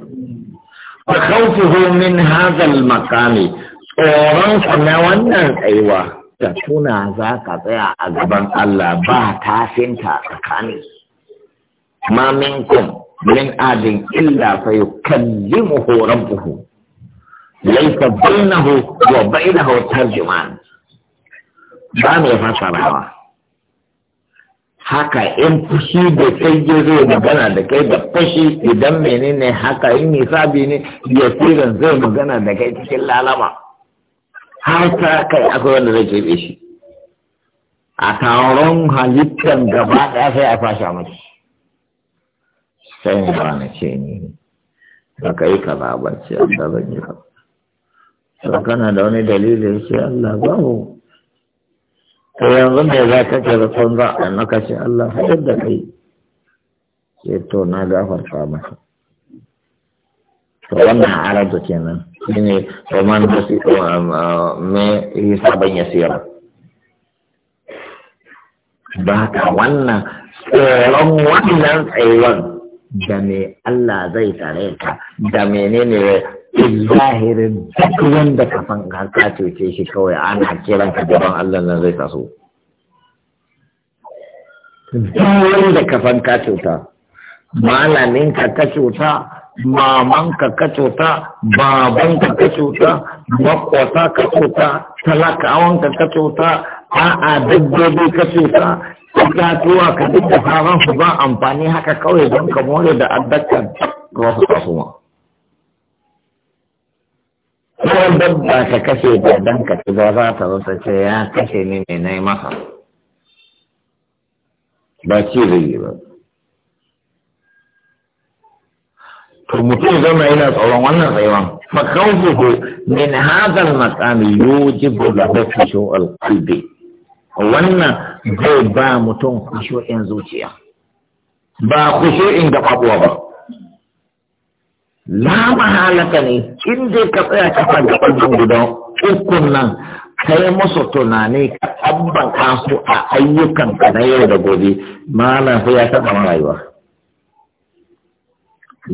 fa khawfuhu min hadha al tsoron sa na wannan tsayuwa Da tuna za ka tsaya a gaban Allah ba tafinta tsakani ma minkum min adin illa fa yukallimuhu rabbuhu laysa bainahu wa bainahu tarjuman ba mai fasarawa haka in fushi da kai je zai magana da kai da fushi idan menene haka in nisabi ne ya tsirin zai magana da kai cikin lalama har ta kai akwai wanda zai keɓe shi a taron halittar gaba ɗaya sai a fasha mace sai ba na ce ni ba ka yi kaza ba ce Allah zan yi ba. Kana da wani dalilin sai Allah babu to yanzu me za ka ce zaton za a maka ce Allah haɗar da kai ce to na gafarta maka to wannan nan kenan ne roman da su uh, uh, me sabon ya siyar ba ka wannan tsoron wannan tsayuwar da me Allah zai tare ka da menene zahirin duk wanda ka san ka cece shi kawai ana kiran ka gaban Allah nan zai taso duk wanda ka san ka cuta malamin ka ka cuta maman ka ka cuta baban ka ka cuta makwata ka cuta talakawan ka ka cuta a'a dabbobi ka cuta itatuwa ka duk da ba amfani haka kawai don ka more da addakar wasu ko dabba ka kashe ba dan ka ci za ta rasa ce ya kashe ni ne na yi masa ba ci zai yi ba to mutum zama yana tsoron wannan tsayuwan fakawuhu min hadal maqami yujibu lahu khushu'al qalbi wannan zai ba mutum in zuciya ba khushu'in in gaba ba la mahalaka ne in dai ka tsaya ka fada wannan guda ukun nan kai musu tunani ka tabban kasu a ayyukan ka na yau da gobe malam sai ya taɓa rayuwa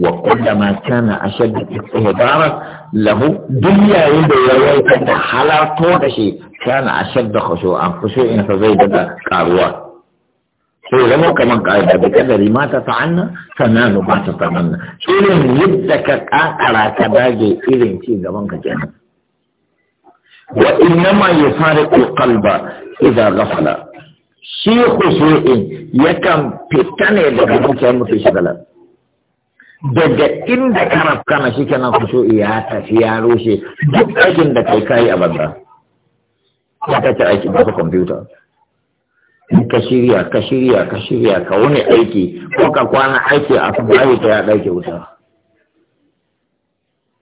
wa ma kana ashadda ihdaran lahu dunya inda ya yayin da halarto da shi kana ashadda khushu'an khushu'in fa zai da karuwa sai zama kamar ƙa'ida da kadari ma ta ta'anna sananu ba ta ta'anna irin yadda ka kakara ka dage irin ci gaban ka kenan wa innama yufariqu qalba idza ghafala shi khusu'in yakan fita ne daga zuciyar mutum shagala daga inda karaf kana shi kenan khusu'i ya tafi ya rushe duk aikin da kai kai a banza ba ta aiki ba ta kwamfuta in ka shirya ka shirya ka shirya ka wani aiki ko ka kwana aiki a kan bayi ta ya ɗauke wuta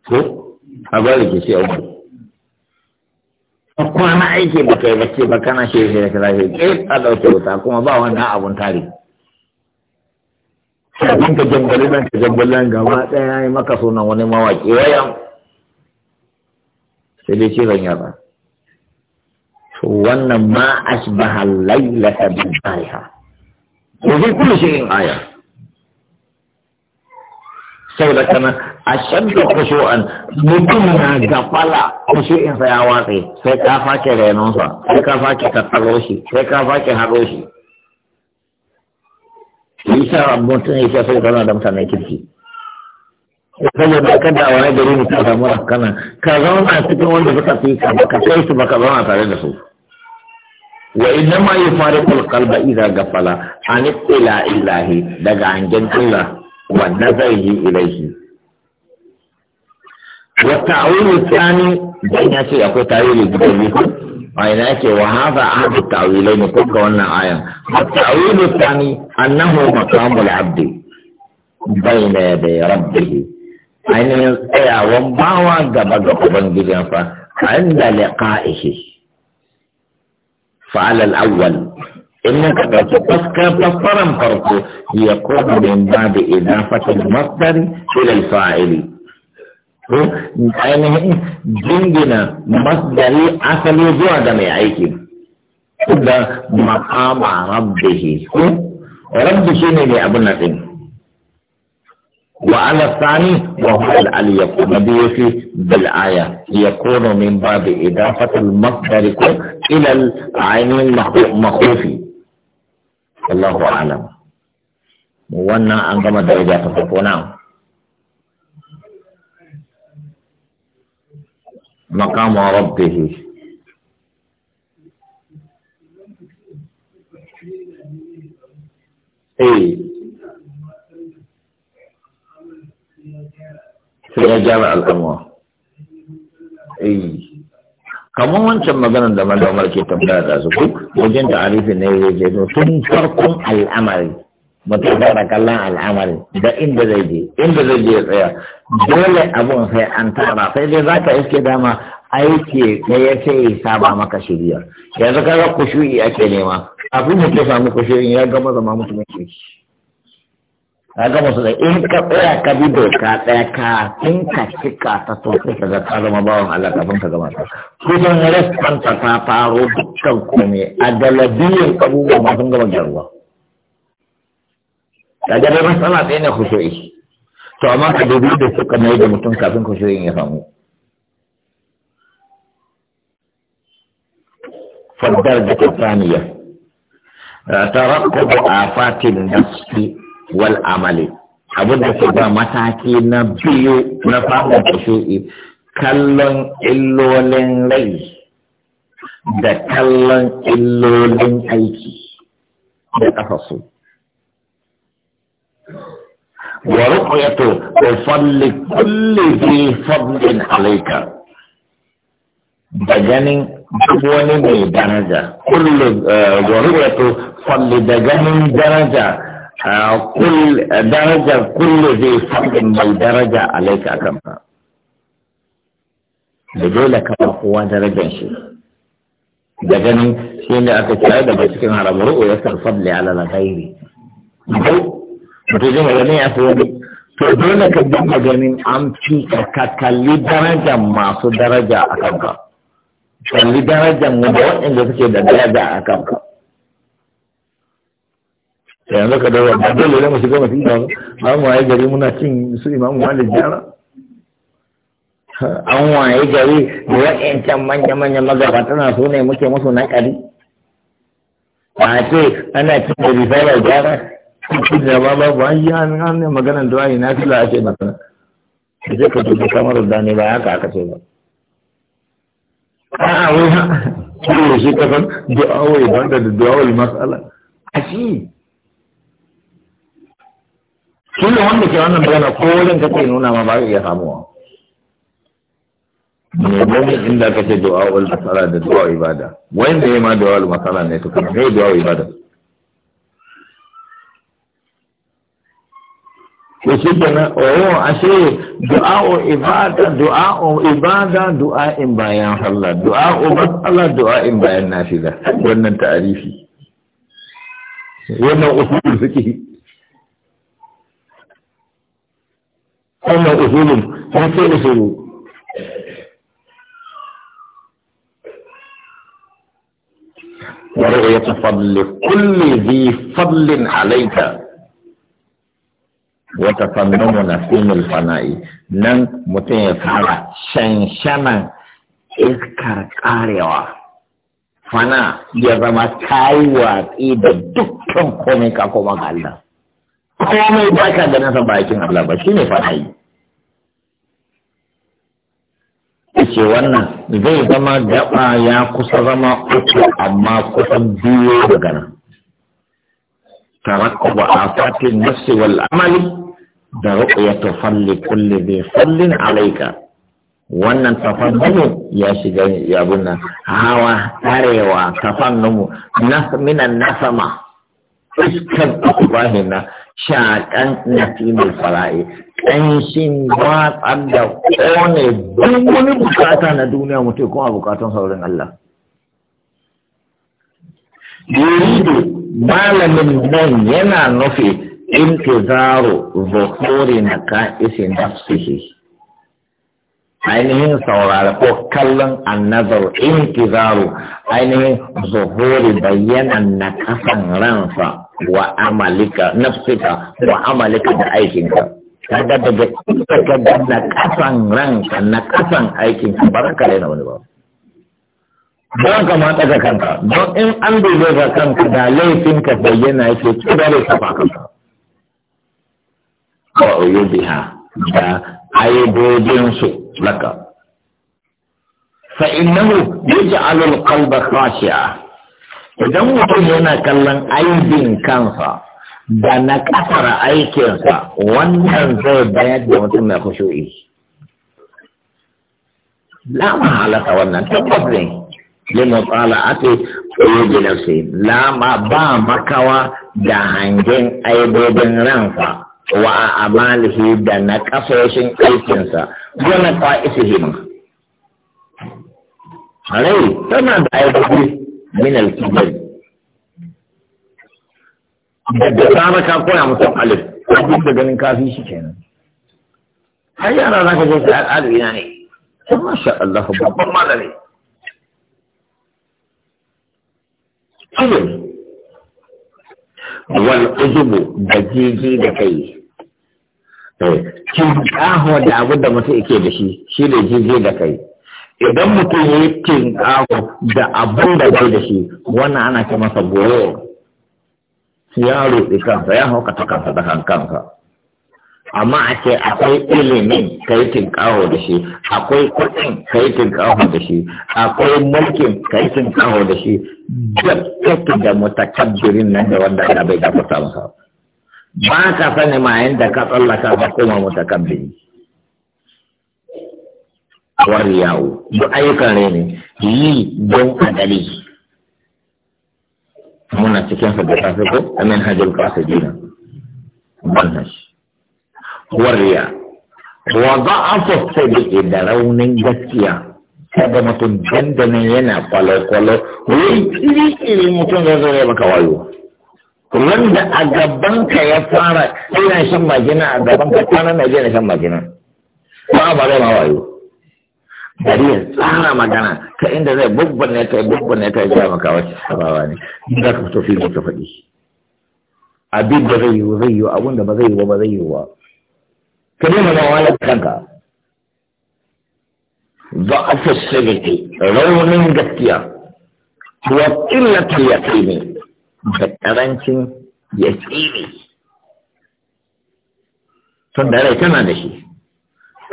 ko a bari ki sai abu Ko kwana aiki ba kai bacci ba kana shirya ka lafiya ke a ɗauke wuta kuma ba wannan abun tare sabin ka jambali nan ka jambali nan gaba ɗaya ya yi maka sunan wani mawaƙi wayan sai dai cizon yaba wannan ma asbaha laylata bi ayha wa fi kulli shay'in aya saboda kana ashaddu kusho'an mutum na gafala khushu'in sa ya watse sai ka fake renon sa sai ka fake tattaro shi sai ka fake haro shi isa mutum ya sai kana da mutanen kirki saboda kada wani gari mutum samu kana ka zauna cikin wanda suka fi ka ba ka kai su ba ka zauna tare da su wa inna ma yufariqul qalba idza ghafala an ila illahi daga anjan Allah wa nazahi ilayhi wa ta'awilu thani dan ya ce akwai ta'awili gidan ne A ina yake wa hadha ahadu ta'awilai ne kuka wannan ayan wa ta'awilu thani annahu maqamul abdi bayna yaday rabbihi ainihin tsayawan bawa gaba ga ubangijinsa عند لقائه فعلى الأول انك كانت تذكر تصرا فرق يكون من بعد إضافة المصدر إلى الفاعل يعني جندنا مصدري أصل وجود من عيكي مقام ربه رب شنو لأبو نتن وعلى الثاني وهو العلي نبيك بالآية يكون من باب إضافة المصدر إلى العين المخوف الله أعلم وانا أنقم درجات فقونا نعم. مقام ربه أي sai ya jami al'amma eh. kamar wancan maganar da umar ke tambaya da su ku wajen ta'arifin na yau je tun farkon al'amari mutum kallon al'amari da inda zai je inda zai je tsaya dole abun sai an tara sai dai za ka iske dama aiki ya ce ya saba maka shirya yanzu kaga kushu'i ake nema kafin mutum samu kushu'i ya gama zama mutumin kirki ka ga musu in ka tsaya ka bi doka tsaya ka in ka cika ta to sai ka ga zama bawan Allah kafin ka gama ta kusan restanta ta faro dukkan kome a galabiyar abubuwa ma sun gama gyaruwa ka ga dai matsala ɗaya ne khushu'i to amma ka dubi da suka mai da mutum kafin khushu'in ya samu فالدرجة الثانية ترقب آفات النفس wal amali abin da ke ba mataki na biyu na fahimtar kushu'i kallon illolin rai da kallon illolin aiki da su wa ruqyatu fadli kulli fi fadlin alayka da ganin duk wani mai daraja kullu eh, wa to fadli da ganin daraja كل درجة كل ذي فضل بل درجة عليك أكمها بدولة كما هو درجة شيء da ganin shi ne aka da daga cikin haram ru'u ya san fadli ala la ghairi mutum zai ne ya so to dole ka dinga ganin an fi ka kalli masu daraja a kalli darajar wanda waɗanda suke da daraja a yanzu ka dawo ba dole ne mu shiga mu tinka ba mu waye gari muna cin su imamu malik jara an waye gari da can manya-manya magabata na so ne muke musu na ƙari a ce ana cin da risalar gyara cikin da ba ba ba an yi an ne magana da wani na fila ake magana da zai ka da kamar da ne ba haka aka ce ba a'a wai ha kiro shi kasan du'awai banda da du'awai mas'ala a shi Kila wanda ke wannan magana ko wajen kake nuna ma ba ka iya samuwa. ne gani inda kace du'a ul masala da du'a ibada wanda yayi ma du'a ul masala ne to kuma sai du'a ibada ko shi kana oh ashe du'a ibada du'a ibada du'a in bayan Allah du'a masala du'a in bayan nafila wannan ta'arifi wannan usul fiqh kɔmɔ ehunum ɔtí ehunum. Wɔre yɛ tafadli kulli bi fadlin aleika. Wɔtafadlomo na fimil fana yi. Nan mutum ya fara iskar karewa, Fana ya zama kaiwa ɗi da dukkan komai ka Allah. komai ba ka ganin ba bakin Allah ba shine fata yi ce wannan zai zama gaba ya kusa zama uku amma kusan biyu daga nan tarakku ba a fatin nafsi wal amali da ru'yatu falli kulli bi fallin alaika wannan tafannumu ya shiga ya bunna hawa tarewa tafannumu mina minan nasama fuskar abubuwan na shaƙan na filin fara'i ƙanshin watsar da ƙone duk wani bukata na duniya mutu kuma bukatun saurin Allah. Yuridu malamin nan yana nufi intizaro zuhuri na ka'isin nafsihi ainihin saurara ko kallon annazar intizaru ainihin zuhuri bayyanan na kasan ransa wa amalika nafsika wa amalika da aikinka kaga daga ka ga na kasan ranka na kasan aikinka ba ka raina wani ba don ka ma daga kanka don in an dole ga kanka da laifinka bayyana yake da ka fa kanka ko yubiha da su. laka فإنه يجعل القلب خاشعا idan mutum yana kallon aibin kansa da na kasar aikinsa wannan zai bayar da mutum mai kushu'i lama halaka wannan tabbas ne lima tsala ake tsaye da nafsi lama ba makawa da hangen aibobin ransa wa amalihi da na kasoshin aikinsa gona kwa isihim rai tana da aiki min alkibar da sama ka koya mutum alif abin da ganin kafin shi kenan har yara za ka je ka al'adu ina ne masha Allah babban malami ilimi wal ujubu da jiji da kai kin eh, kaho da abu da mutum yake da shi shi ne jiji da kai idan mutum ya yi kin kaho da abu da kai da shi wannan ana ce masa yaro ya roƙi kansa ya hauka ta da kansa amma a ce akwai ilimin ka yi tinkaho da shi akwai kuɗin ka yi tinkaho da shi akwai mulkin ka yi tinkaho da shi duk da mutakabbirin nan da wanda ya bai gafarta masa ba ka sani ma yanda ka tsallaka ba kuma mutakabbiri yawo duk ayyukan ne yi don adali. muna cikin sa da safe ko amin hajjul jina wannan shi warriya wa a sadiqi da raunin gaskiya kada mutum dandanan yana kwalo-kwalo wai kiri-kiri mutum zai zo maka wayo wanda a gabanka ya fara yana shan majina a gabanka tana na yana shan majina ba ba zai ma wayo bari ya tsara magana ta inda zai bubbanne ta yi bubbanne ta yi ja maka wacce sabawa ne in za ka fito fili ka faɗi abin da zai yi zai yi abin da ba zai yi ba ba zai yi ba ka daina ma wani kanka ضعف الصدق raunin gaskiya وقلة اليقين da ƙarancin yaƙini sun da rai tana da shi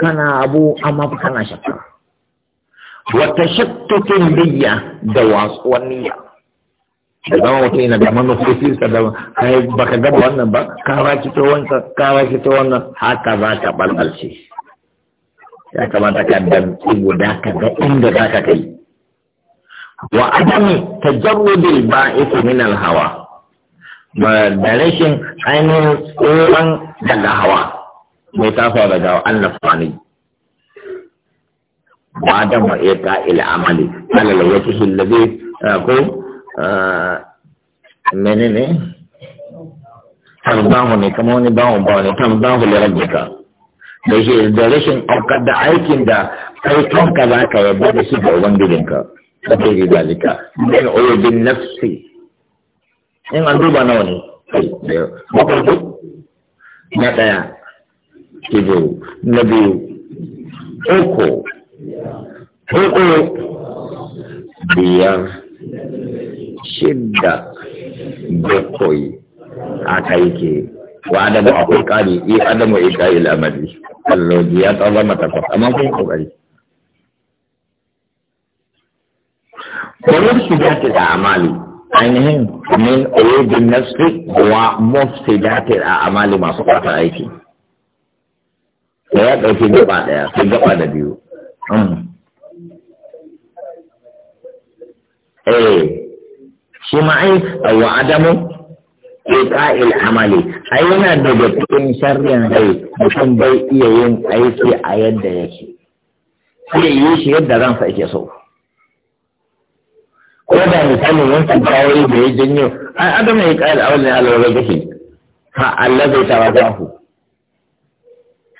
kana abu amma kana shakka wata shakkakin biya da watsuwar niyya da zama mutum yana da ka da kai baka gaba wannan ba kawa ki to wanka kawa ki to wannan haka za ka balbalce ya kamata ka damci guda ka ga inda za ka kai wa adami tajarrudil ba'ith min al hawa ba da rashin ainihin tsoron daga hawa mai tafa daga Allah subhanahu wa adam wa ila amali alal wajhi alladhi eh, ko menene tarbahu ne kamar wani bawon bawon ne tarbahu da rabbika da shi da rashin aukar da aikin da kai kanka za ka yarda da shi ga ubangijinka ka ce ji zalika min ulubin nafsi in an duba nawa ne na ɗaya ido na biyu uku uku biyar shidda bakwai aka ke wa adamu akwai kari yi adamu ya kari lamari alloji ya tsaba mata fa amma kun kokari kwanar su ta da amali ainihin min na su wa mufsidati a amali masu kwata aiki da ya ɗauki gaba ɗaya sai gaba da biyu hmm. eh shi ma ai wa adamu ƙa'il amali ai yana daga cikin sharrin rai mutum bai iya yin aiki a yadda yake sai yi shi yadda sa yake so ko da misalin san kawai da ya jinyo ai adamu ƙa'il amali ne alwala gashi fa allazi ku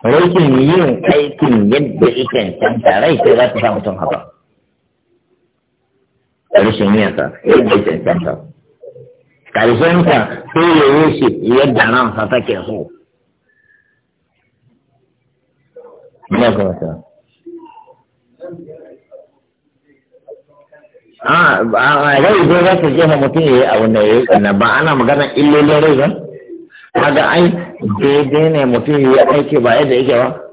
rokin yin aikin yadda ikan canta rai sai za ta samu mutum haka rashin yinsa yadda ya cancanta ƙarshensa sai ya yi shi yadda nan sa take so ina kuma ta a rai zai za ta jefa mutum ya yi a wanda ya yi ƙanna ba ana magana illolin rai ba kaga ai daidai ne mutum ya yi aiki ba yadda yake ba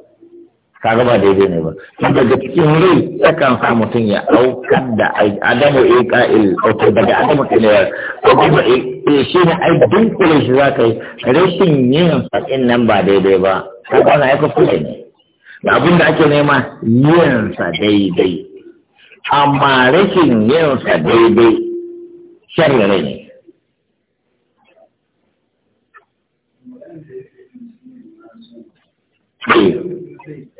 kaga ba daidai ne ba kuma daga cikin rai kan sa mutum ya aukar da adamu iqa'il wato daga adamu ilayar da ya eh, shi ne ai kula shi za ka yi rashin yin sa'in nan ba daidai ba ba na aika kuɗi ne abin da ake nema yin sa daidai amma rashin yin sa daidai sharri ne Thank eh. you.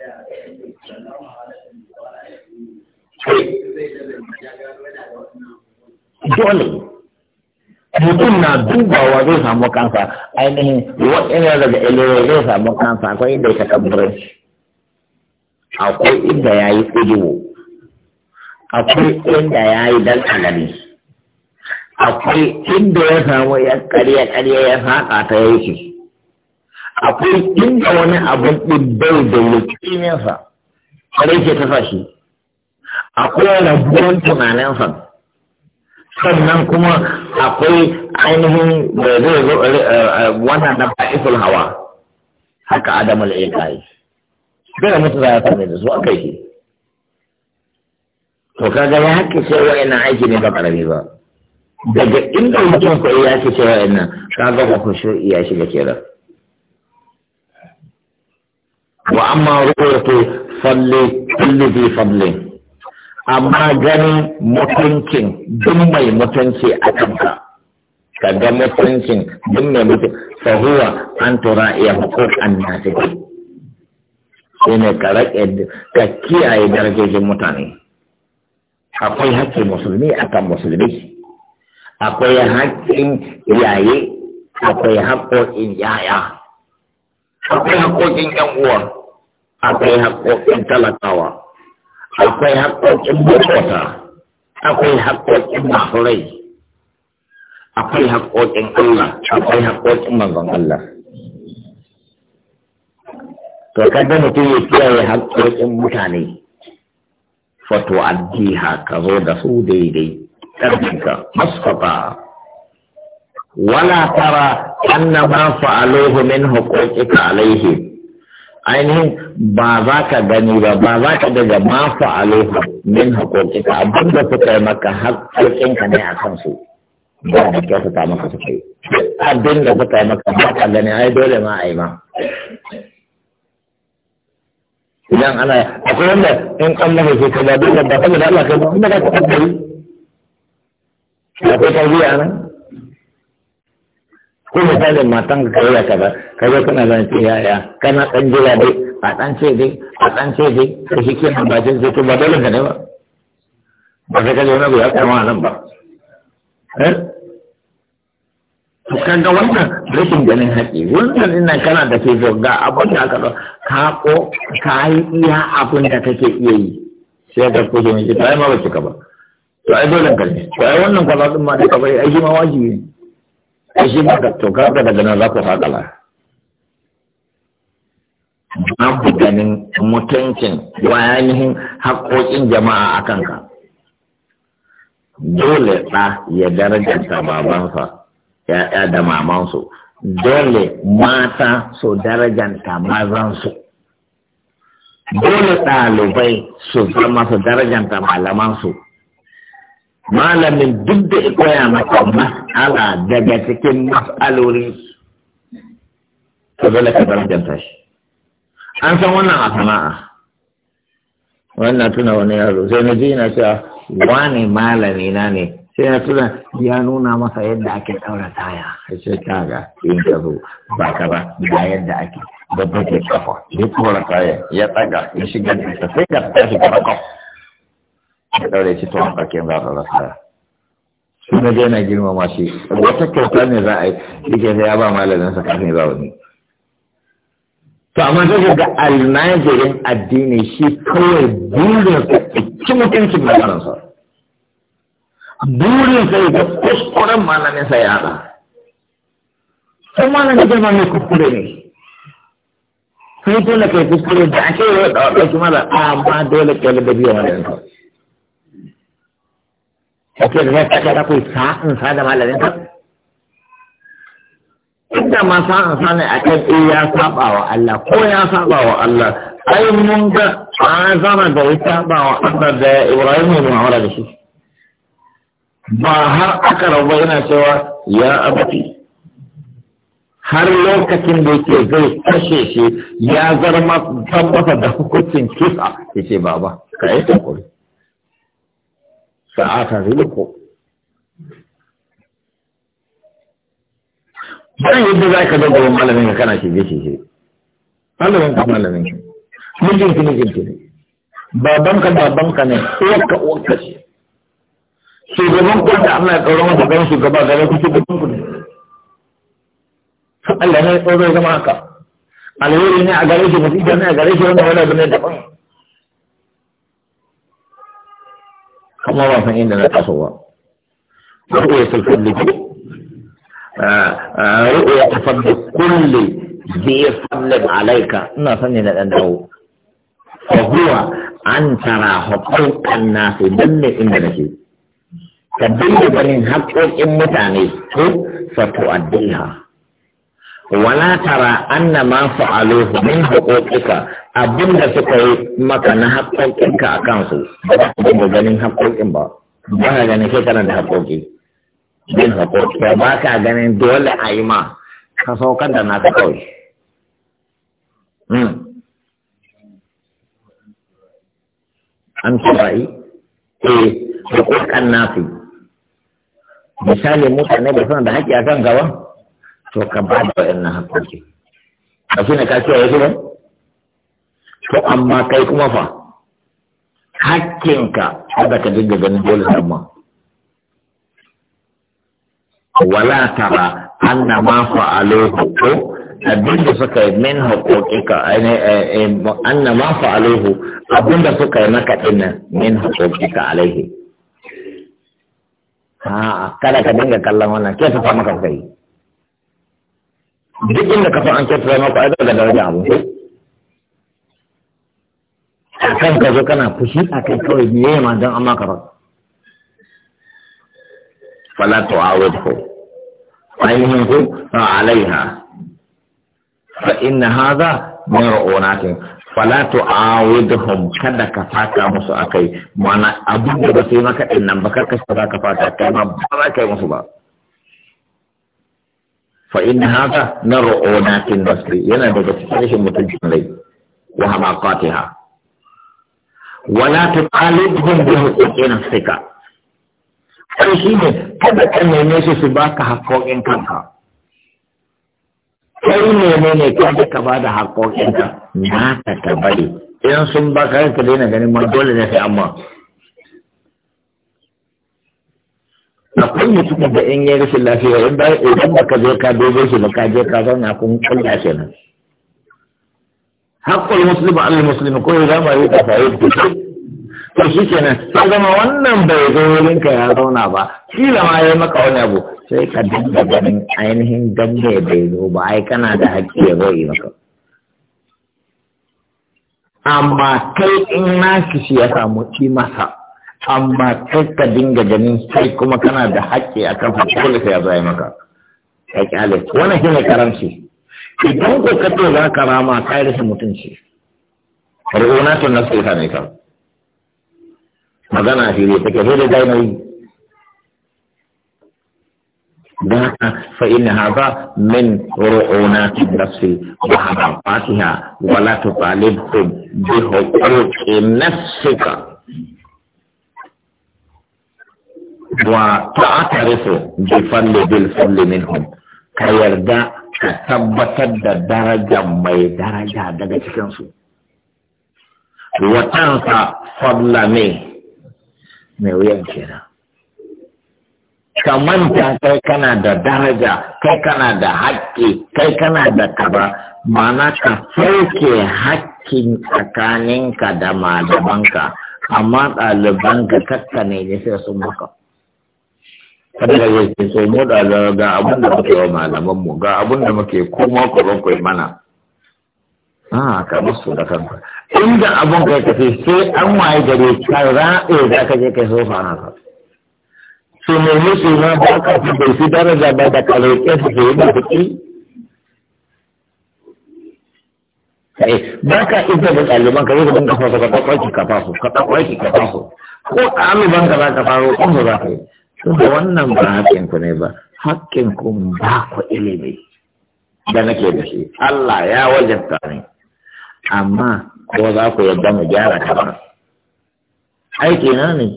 dole mutum na dubawa zai samu kansa ainihin ne daga ilimin zai samu kansa akwai inda ya takabbarin akwai inda ya yi tsidiwo akwai inda ya yi dan alami akwai inda ya samu ya karya karya ya saƙa ta shi, akwai inda wani abin ɗin bai da ya kare ke ta fashi akwai rabuwan tunaninsa sannan kuma akwai ainihin da zai zo eh, eh, wannan na ba'isul hawa haka adam adamul ikai dole mutu za ya same da su aka yi to kaga ya haka ce wa'annan aiki ne ba karami ba daga inda mutum ko ya ce ce wa'annan kaga ba ku shi iya shiga kenan wa amma ruwa ta falli kulli fi fadlin amma ganin mutuncin duk mai mutunci a kanka ka ga mutuncin duk mai mutunci sahuwa an tura iya hukukan na shi ne ka rake ka kiyaye darajojin mutane akwai haƙƙin musulmi akan musulmi akwai haƙƙin iyaye akwai haƙƙoƙin yaya akwai haƙƙoƙin ƴan uwa akwai haƙƙoƙin talakawa akwai haƙoƙin makwata akwai haƙoƙin mahurai akwai haƙoƙin Allah akwai haƙoƙin manzon Allah to kada mutum ya kiyaye haƙoƙin mutane fato addiha ka zo da su daidai ƙarfinka masfata wala tara anna ma fa'aluhu min ta alaihim ainihin ba za ka gani ba ba za ka daga ma fa'aluhu min haƙoƙinka abin da suka yi maka harkokin ka ne a kansu ba da kyau kyautata maka suka yi abin da suka yi maka ba ka gani ai dole ma a yi ma idan ana akwai wanda in an maka ke kaza da ba da Allah kai ba wanda ka ka kaddari akwai tarbiyya nan ko misalin matan ka kai ka ba kai ba kana zan ce yaya kana dan jira dai a dan ce dai a dan ce dai ka shi ke ba jin zai to ba dole ka ne ba ba ka ne ba ya kama nan ba eh kan ga wannan rashin ganin haƙi wannan ina kana da ke zo ga abin da aka ka ko ka yi iya abin da kake iya yi sai ka kuzo ne ta yi ma ba ka ba to ai dole ka ne to ai wannan kwalatin ma da ka bai ai ma wajibi ne shi ma maka to kaga daga nan za ku hakala babu ganin mutuncin bayanihin haƙoƙin jama'a a kanka dole ɗa ya darajanta babansa ya'ya da mamansu dole mata su darajanta mazansu dole ɗalibai su zama su darajanta malamansu malamin duk da koya maka mas'ala daga cikin mas'aloli ka zo ka darajanta shi an san wannan a sana'a wannan tuna wani yaro sai na ji na cewa wani malami na ne sai na tuna ya nuna masa yadda ake ɗaura taya ya ce kaga in ka zo ba ka ba ga yadda ake babbar ke kafa ya tura taya ya tsaga ya shiga da sai ka tashi kafa da daure shi to mafarkin za ta rasa sun na yana masu yi? wata kyauta ne za a yi cikin sai ya ba malamin sa kafin ba wani to amma sai ga almajirin addini shi kawai burin sa ci mutuncin sa burin sa ga kuskuren malamin sa ya haɗa sai malamin jama'a ne kuskure ne sai dole kai kuskure da ake yi wa ɗauki da amma dole kai da biyan malamin yanzu kake da zai kace da ku sa'an sa da malamin ka inda ma sa'an sa ne akan eh ya saba wa Allah ko ya saba wa Allah ai mun ga azama da ya saba wa Allah da Ibrahim ne ma'amala da shi ba har aka rabu yana cewa ya abati har lokacin da yake zai kashe shi ya zarma tabbata da hukuncin kisa yace baba ka yi hakuri sa'atazinukum bayan yadda za ka daga gaban malamin ka kana shige shige malamin ka malamin ka mijin ki mijin ki ne baban ka baban ka ne uwar ka uwar ka ce shugaban ku da Allah ya tsoro masa gan shugaba gare ku shugaban ku ne Allah ne ya tsoro zama haka alheri ne a gare shi musiba ne a gare shi wannan wani abu ne daban kuma ba san inda na tasowa a sulfadli ah, ah, ru'ya tafaddi kulli bi fadlin alaika ina sani na dan dawo fa huwa an tara hukukan nasu danne inda nake ka dinga ganin haƙoƙin mutane to fa tu'addiha wala tara anna ma fa'aluhu min huquqika abinda suka yi maka na ka a kansu ba ka dinga ganin haƙoƙin ba ba ka ganin sai kana da haƙoƙi bin haƙoƙi ba ka ganin dole a yi ma ka saukar da naka kawai hmm. an tura'i eh haƙoƙan nafi misali mutane da suna da haƙƙi a kan gaba to ka ba da wa'annan haƙoƙi a shi ne ka kiyaye su ba ko amma kai kuma fa hakkinka kada ka dinga ganin dole amma wala tara anna ma fa'aluhu ko abinda suka yi min haƙoƙika eh, eh, anna ma fa'aluhu abinda suka yi maka dinnan min haƙoƙika alaihi a'a kada ka dinga kallon wannan ke ta maka kai duk inda ka san an kyautata maka ai daga daraja abu a kan ka zo kana fushi a kai kawai biye ma don an maka ba fala to awad ko ainihin ku a alaiha fa inna hadha min ru'unatin fala to awidhum kada ka fata musu akai mana abin da ba sai maka din nan ba karkashin ka fata ka fata kai ma ba za ka yi musu ba fa in haka na ru'unatin nasri yana daga cikin rashin mutuncin rai wa hamaqatiha wala tuqalibhum bi huquqi sika kai shi ne kada ka neme su su baka haƙoƙin kanka kai ne ne kada ka bada haƙoƙin ka na ka bari in sun baka ka daina ganin ma dole ne sai amma akwai mutumin da in ya rashin lafiya in idan baka je ka dobe shi ba ka je ka zauna kun kulla shi nan haƙƙul musulmi alal musulmi ko ya zama yi ta faru da shi to shi kenan ta zama wannan bai zo wurin ka ya zauna ba kila ma ya maka wani abu sai ka dinga ganin ainihin dambe bai zo ba ai kana da haƙƙi ya zo yi maka amma kai in na shi ya samu ki masa amma kai ka dinga ganin sai kuma kana da haƙƙi a kan sai ya zai maka ka wani wannan shine karamci idan ko ka to za ka rama kai rashin mutunci ruwana to na sai ka ne ka magana shi ne take dole dai mai da fa inna hadha min ru'unati nafsi wa fatiha wa la tutalibhum bi huquqi nafsika wa ta'tarifu bi fadli bil fadli minhum ka yarda ka tabbatar da daraja mai daraja daga cikin su wa tansa fadla me mai wuyan na ka manta kai kana da daraja kai kana da haƙƙi kai kana da kaba ma'ana ka sauke haƙƙin tsakaninka da malamanka amma ɗalibanka kakka ne sai sun maka kada ya ce so mu da ga abin da muke wa malaman mu ga abin da muke kuma ku ban ku mana a ka musu da kanka inda abin kai ka sai an waye gare ka ra'e da ka je kai so fara ka su nemi su na ba ka fi bai fi daraja ba da kalauke su ke yi da kuɗi kai eh, ba ka ita da ɗaliban ka zai dinga fasa ka ɗaukaki ka faso ka ɗaukaki ka faso ko ɗaliban ka za ka faro kuma za ka yi tunda wannan ba ku ne ba ku ba ku ilimi da nake da shi Allah ya wajabta ne amma ko za ku yadda mu gyara ta ba aiki na ne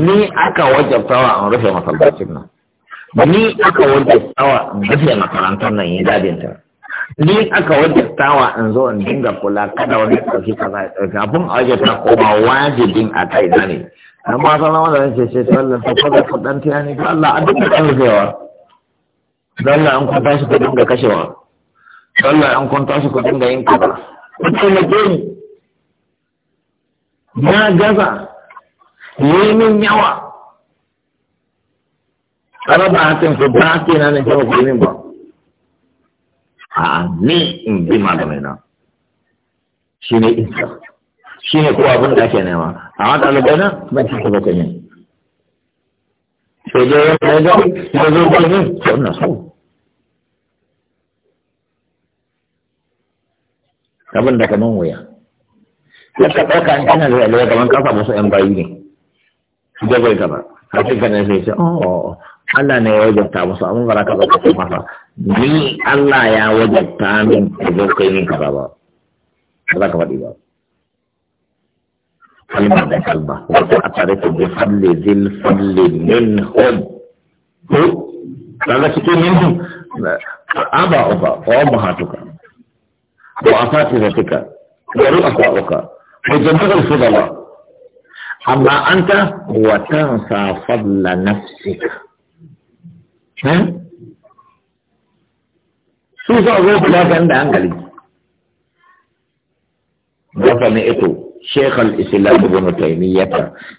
ni aka wajabta wa an rufe masallacin nan ni aka wajabta wa an rufe makarantar nan yin dadin ni aka tawa in zo in dinga kula kada wani ɗauki za a ɗauki abin a ta koma wajibin a kai na ne amma san wanda zan ce ce sallan ta kada ku ɗan tiya ne Allah an dinga ɗaukewa sallan an kun tashi ku dinga kashewa sallan an kun tashi ku dinga yin kaza ku taimake ni na gaza yawa min yawa. a hatin ku ba ke na ne ba ku yi min ba. Aa ni in bi malamai na shi ne iska shi ne kuwa abin da ake nema a wata ɗalibai na ban ci gaba ta ne sai dai wani ga ya zo ba ne wannan so abin da kaman wuya ya ka ɗauka in kana da ɗalibai kaman kasa musu ‘yan bayi ne su bai gaba a cikin ne sai ce oh, oh, oh. Allah ne ya wajabta musu amma ba za ka zaka ce masa ni Allah ya wajabta min da zo kai min kaza ba ba za ka faɗi ba kalma da kalma wata a tare ta bi falle zil falle min hum ko kaga cikin min hum aba uba wa ummahatuka wa asatizatika wa ru'asa'uka wa jama'ul ba. amma anta wa tansa fadla nafsika su sa zo kula kan da hankali wata ne ito shekhal islam ibn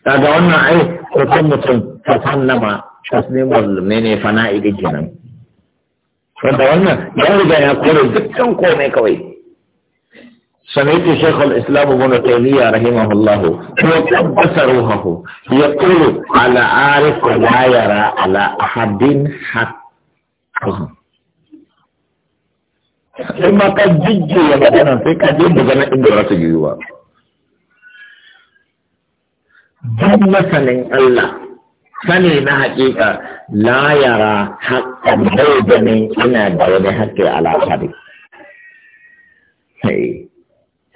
Ta ga wannan ai ko mutum ta sannama tasnimul mene fana'i kenan wanda wannan ya riga ya kore dukkan komai kawai سمعت شيخ الإسلام ابن تيمية رحمه الله وقدس روحه يقول على عارف لا يرى على أحد حق إما قد جدي مثلا في كذب بغنى إن درس جيوا دم مثلا الله sani na لا يرى حق haƙƙan إنا ganin حق على wani haƙƙi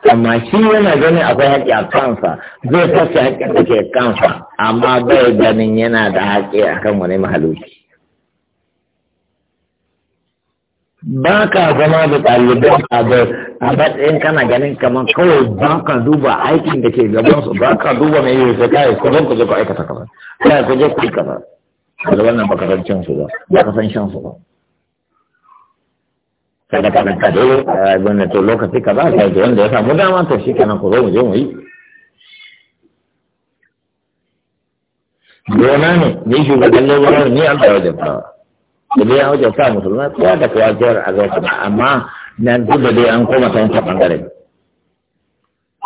amma shi yana ganin akwai haƙƙi a kansa zai fasa haƙƙin da ke kansa amma bai ganin yana da haƙƙi a kan wani mahaluki ba ka zama da ɗaliban abu a matsayin kana ganin kamar kawai ba ka duba aikin da ke gaban su ba ka duba mai yi sai kai ku zan ku je ku aikata kamar kai ku je ku yi kamar da wannan bakarancin ba ba ka san shan su ba sai da kanan ka dole a wannan to lokaci ka za ka yi wanda ya samu dama to shi kenan ku zo mu je mu yi gona ne ni shugaban lagos ni an da wajen fawa da dai an wajen sa musulman kowa da kowa jihar a zai kuma amma na duk da dai an koma ta wancan bangare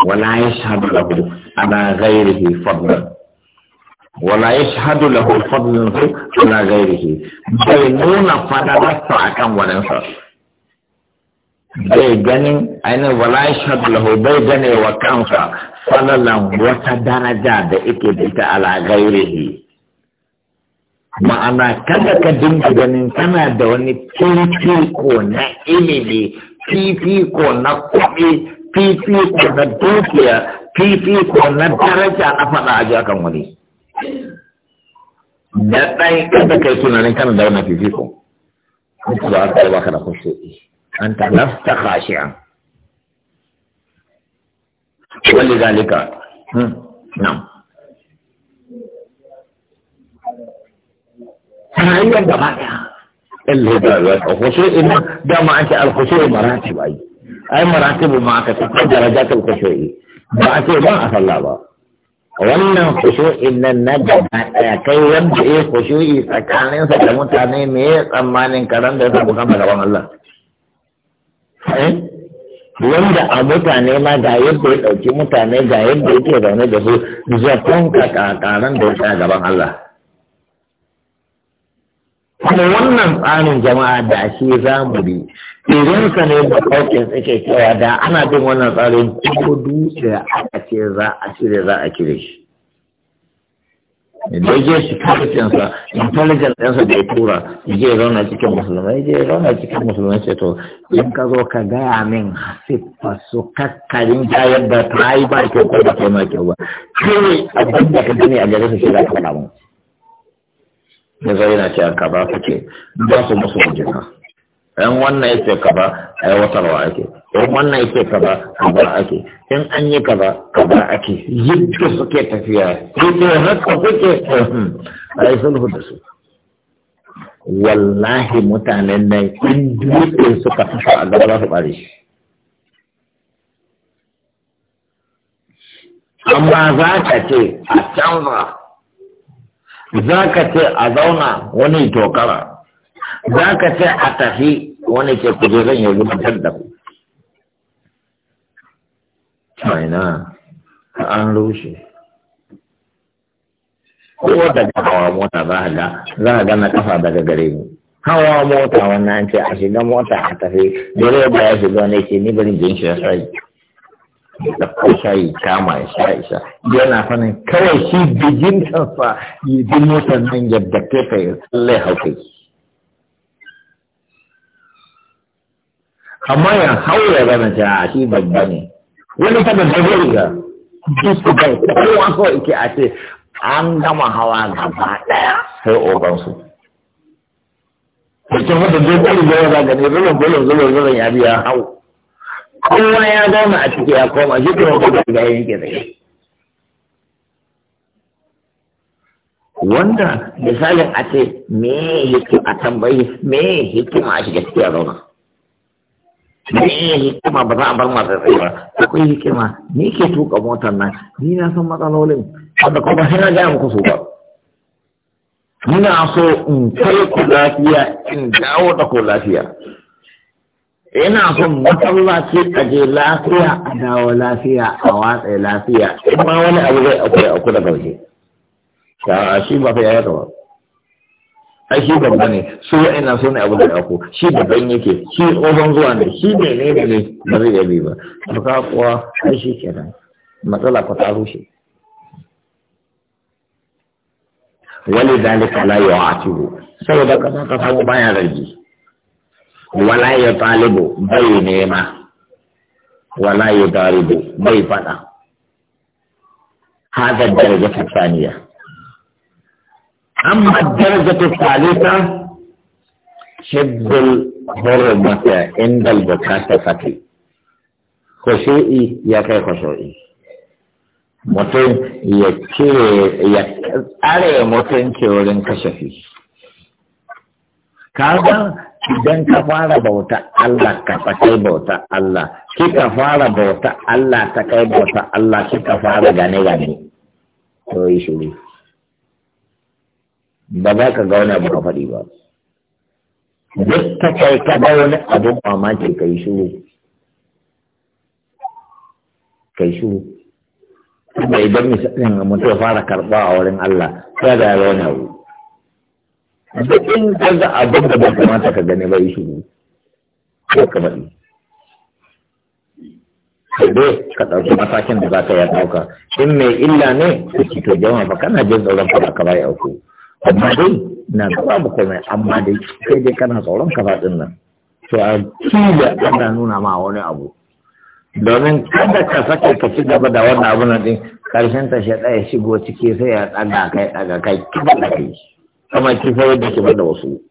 wala ya shahadu lahu ana ghairihi fadlan wala ya shahadu lahu fadlan ala ghairihi bai nuna fadararsa akan wadansa bai ganin ainihin wala shadlahu bai gane wa kansa falalan wata daraja da ike da ita ala gairihi ma'ana kada ka dinga ganin kana da wani fifiko na ilimi fifiko na kuɗi fifiko na dukiya fifiko na daraja na faɗa a jakan wani da ɗaya kada kai tunanin kana da wani fifiko ba ka da baka da kushe أنت لست خاشعا ولذلك نعم هي الجماعة الهدى والخشوع إنه ده الخشوع مراتب أي أي مراتب معك تقوى درجات الخشوع بعد ما أصلى بقى wannan khushu'in إن na gaba kai wanda ya khushu'i tsakaninsa da mutane me ya tsammanin karan Eh? wanda a mutane ma ga yadda ya ɗauki mutane ga yadda yake zaune da su ka, da ya gaban Allah. Kuma wannan tsarin jama'a da shi za mu bi, idan ka ne da ɗaukin suke cewa da ana bin wannan tsarin ko dutse aka ce za a cire za a kire shi. da shi shi kafinsa intelligence ɗansa da ya tura je zauna cikin musulmai je zauna cikin musulmai ce to in ka zo ka gaya min hasifa su kakkarin ta yadda ta yi ba ke ko ba kai ma ba kawai abin da ka gani a gare su shi za ka faɗa mu da zai yana cewa ka ba ku ce ba su musu jina ɗan wannan ya ce ka ba watarwa ake wannan yake kaza kaza ake in an yi kaza kaza ake yadda suke tafiya yadda haka kuke hmm, a yi sulhu da su wallahi mutanen nan in duke suka fasa a gaba za su bare shi amma za ka ce a ba za ka ce a zauna wani tokara za ka ce a tafi wani ke kujeran ya zubatar da ku aina an rushe ko daga hawa mota za a ga za a gana kafa daga gare ni hawa mota wannan an ce a shiga mota a tafi dole ba ya shiga ne ke ni bari jin shi ya sai da ko shayi kama ya sha isa yana sanin kawai shi bijin kansa yi bi motar nan yadda ke ya tsalle haukai amma ya hau ya gana ta a shi babba ne wani fa da ga duk kai kowa so ike a ce an gama hawa gaba ɗaya sai ogansu cikin wata dogon zuwa za gani zuwa zuwa zuwa zuwa ya biya hau kowa ya gama a ciki ya koma shi kuma kuma ga yanke tsaye wanda misalin a ce me yake a tambayi me hikima a shiga cikin zauna ne in hikima ba za a bar masu tsaye ba akwai hikima ni ke tuka motar nan ni na san matsalolin wanda kuma sai na gaya muku su ba muna so in kai ku lafiya in dawo da ku lafiya ina son masallaci a je lafiya a dawo lafiya a watsa lafiya in ma wani abu zai akwai a kuda gaushe shi ba fa ya yi ba ai shi babba ne su wa'annan su ne abu da yako shi babban yake shi tsohon zuwa ne shi ne ne ne ba zai yabi ba to ka kuwa ai shi kenan matsala ku ta rushe wani dalika la yu'atibu saboda kaza ka samu baya zargi wala ya talibu bai nema wala ya daribu bai fada hadar darajar saniya أما الدرجة الثالثة شد الحرمة عند المكاشفة خشوعي يا كي خشوعي mutum ya cire ya tsare mutunci wurin kashafi kaga idan ka fara bauta Allah ka kai bauta Allah kika fara bauta Allah ta kai bauta Allah kika fara gane gane to yi shiru ba za ka ga wani abu ka faɗi ba duk ta kai ka ga wani abin mamaki ka yi shiru ka yi shiru kuma idan misalin mutum fara karɓa a wurin Allah sai da ya wani abu duk in ka ga abin da bai kamata ka gani ba yi shiru ko ka faɗi dai ka ɗauki matakin da za ka yi a ɗauka in mai illa ne to jama'a fa kana jin tsoron fara ka ya ku amma dai na babu komai amma dai sai dai kana tsoron kaza din nan to a kila ana nuna ma wani abu domin kada ka sake ka ci gaba da wannan abu nan din karshen ta shi ya shigo ciki sai ya ɗaga kai daga kai kiba da kai ki sai yadda ki da wasu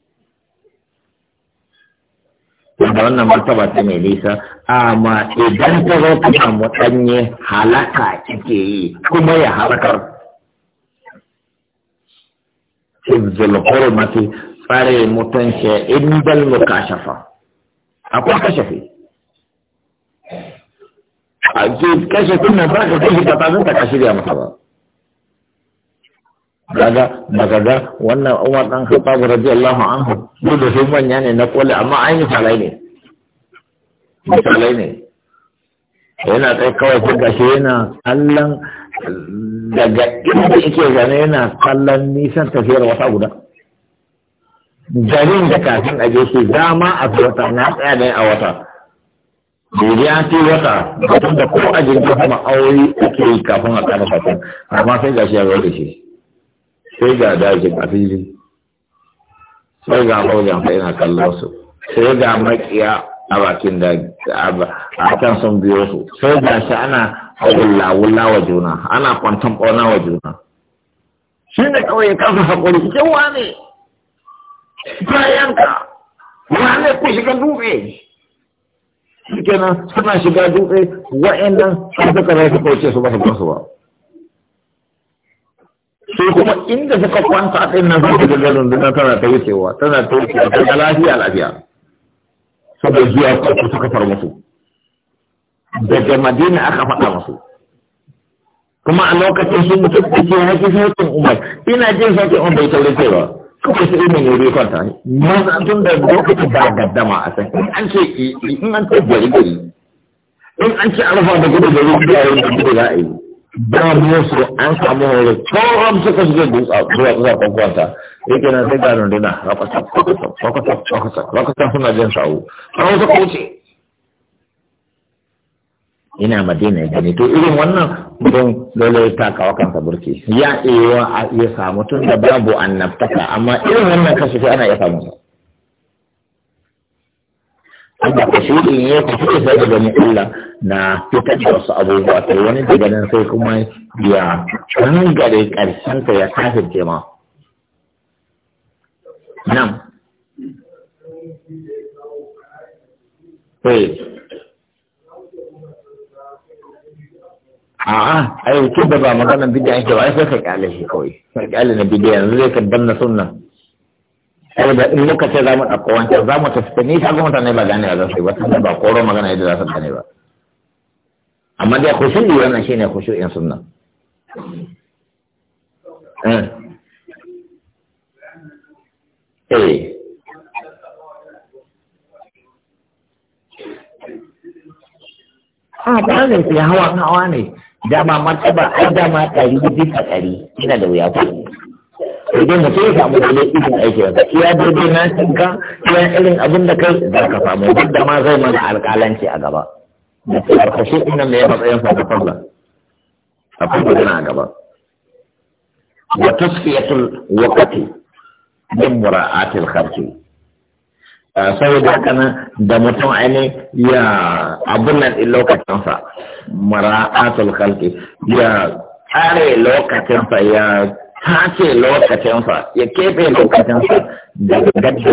wanda wannan martaba ta mai nisa amma idan ta zo ta samu ɗanye halaka ake yi kuma ya halakar izul hurmati tsare mutunci indal mukashafa akwai kashafi a ke kashafi nan ba ka kai ka tazin ta kashi da masa ba daga daga ga wannan umar dan khattab radiyallahu anhu duk da su manya ne na kole amma ai misalai ne misalai ne yana kai kawai ko shi yana kallon daga inda yake zane yana kallon nisan tafiyar wata guda garin da kafin a je shi dama a wata na tsaya ne a wata gobe ya ce wata batun da ko a jirgin sama aure ake yi kafin a kama fatan amma sai ga shi ya da shi sai ga dajin a fili sai ga maujan fa ina kallon su sai ga makiya a bakin da a kan sun biyo su sai ga shi ana haɗin lawula wa juna ana kwanton ƙona wa juna shi ne kawai kansa haƙuri cikin wane bayanka wane ku shiga dutse shi kenan suna shiga dutse wa'annan sun suka rai suka wuce su ba su kansu ba su kuma inda suka kwanta ɗin nan su shiga ganin duna tana ta wucewa tana ta wucewa ta lafiya lafiya da zuwa kansu suka far musu daga madina aka faɗa masu kuma a lokacin sun mutu da ke haƙi sautin umar ina jin sautin umar bai saurin ba kuma sai imin ya bai kwanta ne masu tun da lokacin ba gaddama a san in an ce in an ce gari gari in an ce alfa da gudu gari da yayin da gudu za a yi ba su an samu horo tsoron suka suke dutsa zuwa zuwa kwakwata yake na sai ga runduna rakwasa rakwasa rakwasa rakwasa suna jin sa'o sa'o suka wuce ina madina ya gani to irin wannan don dole ta kawo kansa burki ya iya a iya samu tun da babu annabtaka amma irin wannan kashi ana iya samu sa Allah ko shi in ya ku fice sai da gani Allah na fitar da wasu abubuwa sai wani daga nan sai kuma ya gare karshen ta ya kafirce ma nan Wait. a'a ai tun da ba magana bid'a ake ba ai sai ka kyale shi kawai ka kyale na bid'a yanzu zai ka danna sunna ai da in muka ce zamu mu zamu wancan za mu tafi ni ka ga mutane ba gane za sai ba tunda ba koro magana yadda za su gane ba amma dai khushu'i wannan shine kushin sunna eh, eh. a ah, ba ne hawa hawa ne dama martaba a dama ɗari bisa ɗari ina da wuya ko idan mutum ya samu da laifin aiki ba iya daidai na cinka ya irin abin da kai za ka samu duk da ma zai mana alƙalanci a gaba da shi ina mai matsayin sa da falla a kuma gina a gaba wa tasfiyatul waqti min mura'atil kharfi Ah, saboda haka nan da mutum aini ya abun nan ɗin lokacinsa mara'atul kalki ya tsare lokacinsa ya tace lokacinsa ya kefe lokacinsa daga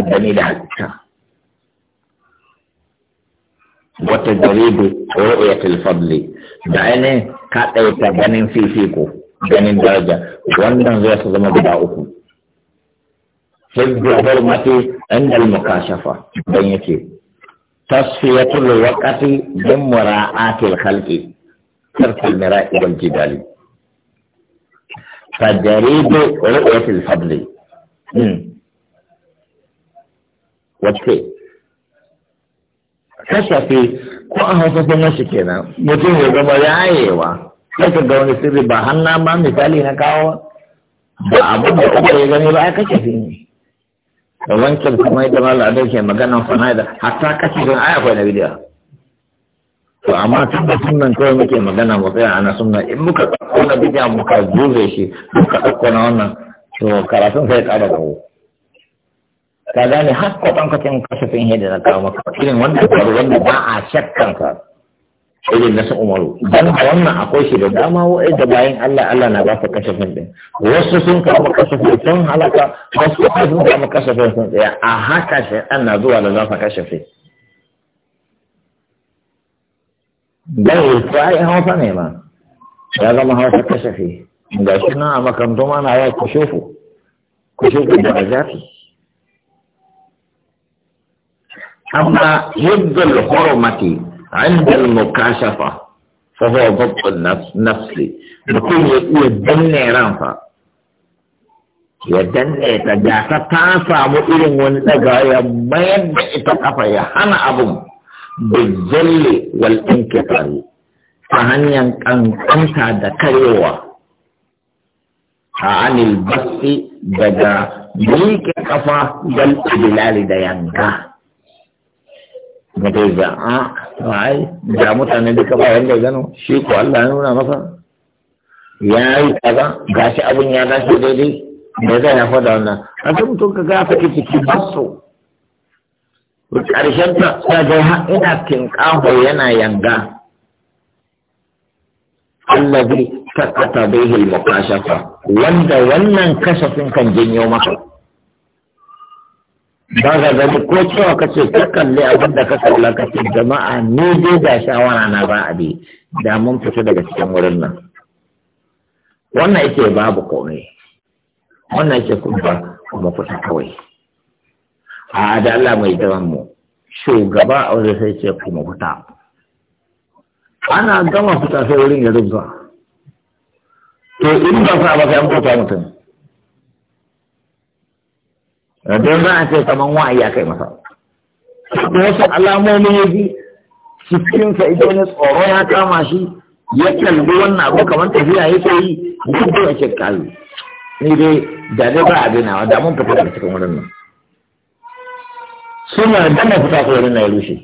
da ni da halitta wata jaridu ru'yatul fadli da aini ka ɗauka ganin fifiko ganin daraja wannan zai su zama guda uku في الحرمة عند المكاشفة بينك تصفية الوقت من مراعاة الخلق صرف المراء والجدال فجريد رؤية الفضل وكي كشفي كوها سفن نشكينا مجيه بما يعيوا كيف قولي سيري باهنا ما مثالي نكاوا بابا بابا يغني بقى كشفيني wancan kuma yadda malam adai ke maganan da, hatta kashi don aya kwai na bidiya to amma tun da sunan kawai muke magana mu tsaya ana sunan in muka ɗauko na bidiya muka zube shi muka ɗauko na wannan to karatun sai ƙara gawo ka gane har kwatankwacin kasafin hidda na kawo maka irin wanda wanda ba a shakkan ka irin na su umaru dan a wannan akwai shi da dama wa'ai da bayan Allah Allah na ba su kasafin din wasu sun kama kasafin sun halaka wasu sun kama kasafin sun tsaya a haka shaitan na zuwa da za su kasafin dan wasu ai hausa ne ma ya zama hausa kasafi ga shi nan a makarantu ma na ya kushufu kushufu da zafi amma yadda al-hurmati عند المكاشفة فهو ضبط النفس نفسي mutum ya iya danne ranfa ya danne ta gasa ta samu irin wani daga ya mayar ita kafa ya hana abun bijalle wal inkifari ta hanyar ƙanƙanta da karewa a anil basi daga miƙe kafa wal idilali da yanka. Mutum a ai da mutane duka ba wanda gano shi ko Allah ya nuna masa ya yi kaza gashi abun ya dace daidai da zai haifar da wannan A san mutum ka ga saki ciki basu karshen ta ta ga ina tinkaho yana yanga allazi takata bihi al shafa. wanda wannan kasafin kan janyo masa ba ga gani ko cewa ka ce ka kalli abin da ka kalla ka ce jama'a ni dai da shawara na ba a bi da mun fita daga cikin wurin nan wannan yake babu komai wannan yake kuma kuma fita kawai a da Allah mai jiran mu shugaba a wajen sai ce kuma fita ana gama fita sai wurin ya rubuta to in ba sa ba sai an kusa mutum don ba a ce kaman wa'ayi ya kai masa ya wasu alamomi ya ji cikinsa ita wani tsoro ya kama shi ya kalli wannan abu kamar tafiya ya ke yi duk da ake kallo ni dai da dai ba a dainawa da mun fita daga cikin wurin nan suna dana fita ko wurin na ya rushe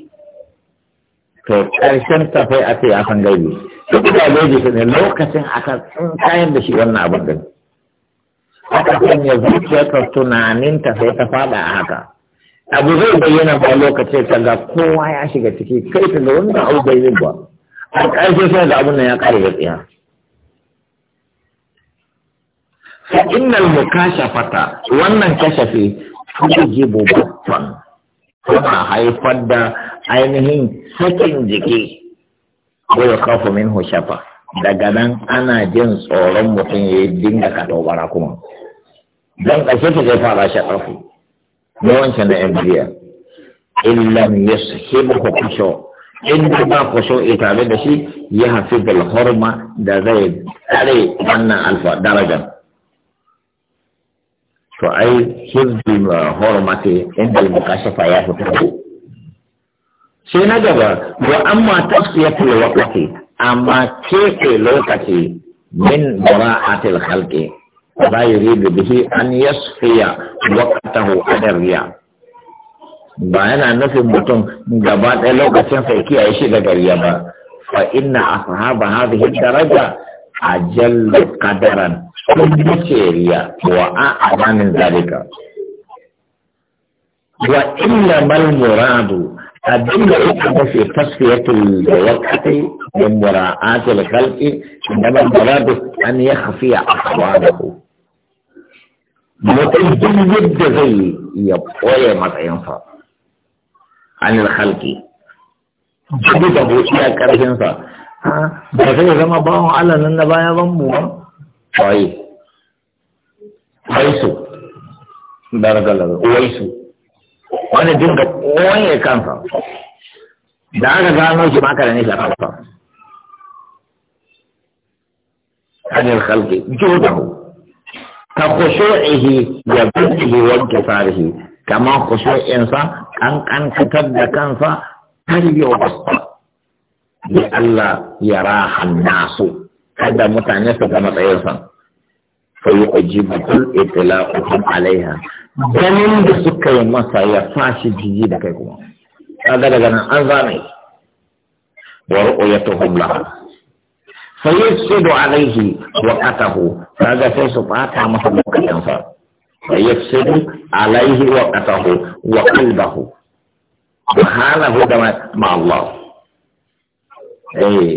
to karshen ta sai a ce a san gaibi duk da gaibi ne lokacin aka tsinkayen da shi wannan abin da aka sanya zuciyarka tunaninta sai ta faɗa a haka abu zai bayyana ba lokaci ka ga kowa ya shiga ciki kai ka ga wannan abu bai ba a ƙarshe sai ga abun nan ya ƙare da tsiya fa innal mukashafata wannan kashafi tujibu battan kuma haifar da ainihin sakin jiki ko ya kafa min shafa daga nan ana jin tsoron mutum ya dinga bara kuma don ƙarshe ta zai fara shi ƙarfi na wancan na MBA illam yashibu kusho in da ba kusho tare da shi ya hafi da horma da zai tsare wannan alfa darajar to ai hizbi hormati inda mukashafa ya fito sai na gaba wa amma tasfiyatul waqti amma kefe lokaci min bara'atil khalqi ba yuridu bihi an yasfiya waqtahu adar ba yana nufin mutum gaba ɗaya lokacin sai kiyaye shi da riya ba fa inna ashaba hadhihi daraja ajal qadaran kullu riya wa a'lamin zalika wa illa mal muradu abin da suka mafi tasfiyatul da wakatai min mura'atul khalqi inda baradu an ya khafiya akhwanahu mutum duk yadda zai ya koya matsayin matsayinsa an khalqi duk da bociya sa, ba zai zama bawon Allah nan na baya ban mu ba wai waisu daraga lagu waisu wani dinga koye kansa da aka gano shi maka da nisa kansa hanyar halki jodahu ka khushu'ihi ya bihi wa intisarihi kama khushu'insa an kankatar da kansa har yau bi Allah ya rahan nasu kada mutane su ga matsayinsa فيعجبه الاطلاق عليها ganin da suka yi masa ya fashi jiji da kai kuma kaga daga nan an zame wa ru'yatuhum laha fa yafsidu alayhi waqatahu kaga sai su bata masa lokacin sa fa yafsidu alayhi waqatahu wa qalbahu wa halahu kama ma Allah eh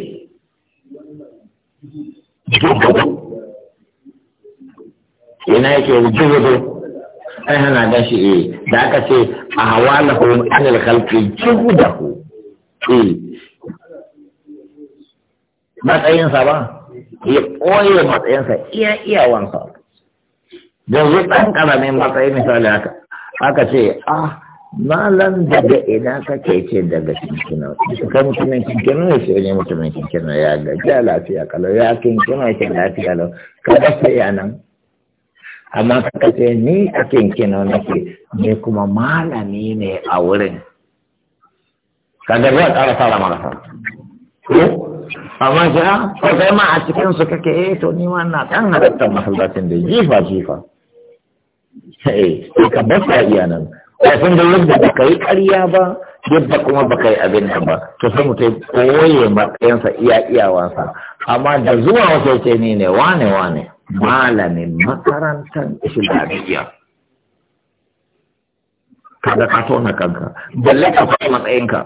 ina yake jirgin ai hana gan shi eh da aka ce a hawa hawalahu anil khalqi da ku. Eh. matsayinsa ba ya koye matsayinsa iya iyawansa yanzu ɗan ƙaramin matsayi misali haka aka ce ah malam daga ina ka ce daga kinkina su kai mutumin kinkina ne sai ne mutumin kinkina ya ga lafiya kalau ya kinkina ke lafiya lau Ka sai a nan amma kaka ce ni a kinkino nake ne kuma malami ne a wurin kaga zai ƙara fara marasa amma shi a ah, ko kai ma a cikin su kake eh to ni ma na dan halattar masallacin da jifa jifa eh ka ba sa iya nan ko da yadda ba kai ƙarya ba yadda kuma baka yi abin nan ba to sai mutai koye matsayinsa iya iyawansa amma da zuwa wata ce ni ne wane wane malamin makarantar islamiyya Kada ka tona kanka balle ka faɗi matsayinka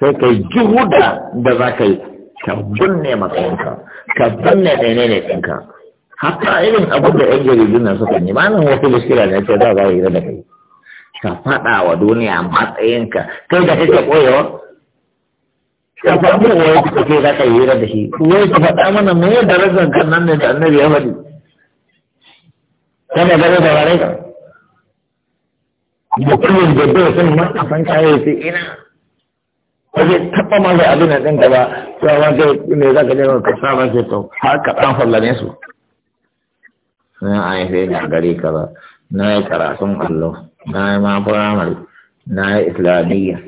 sai kai juhuda da za ka yi ka binne matsayinka ka binne ɗaya ne ɗinka hatta irin abin da yan jaridun nan suka yi. Malamin wasu muskila ne ce za a yi da kai ka faɗa wa duniya matsayinka kai da kake koyewa ka samu wani kuka ce za ka yi hira da shi wai ka faɗa mana me ya darajar kan nan ne da annabi ya faɗi kana dare da ware ka mutumin da bai san ma a san kayan sai ina ba zai taɓa ma zai abin da ɗin ka ba sai ma zai me za ka je ka sa ba sai to har ka ɗan fallane su na an yi sai gari ka ba na yi karatun allo na yi ma firamare na yi islamiyya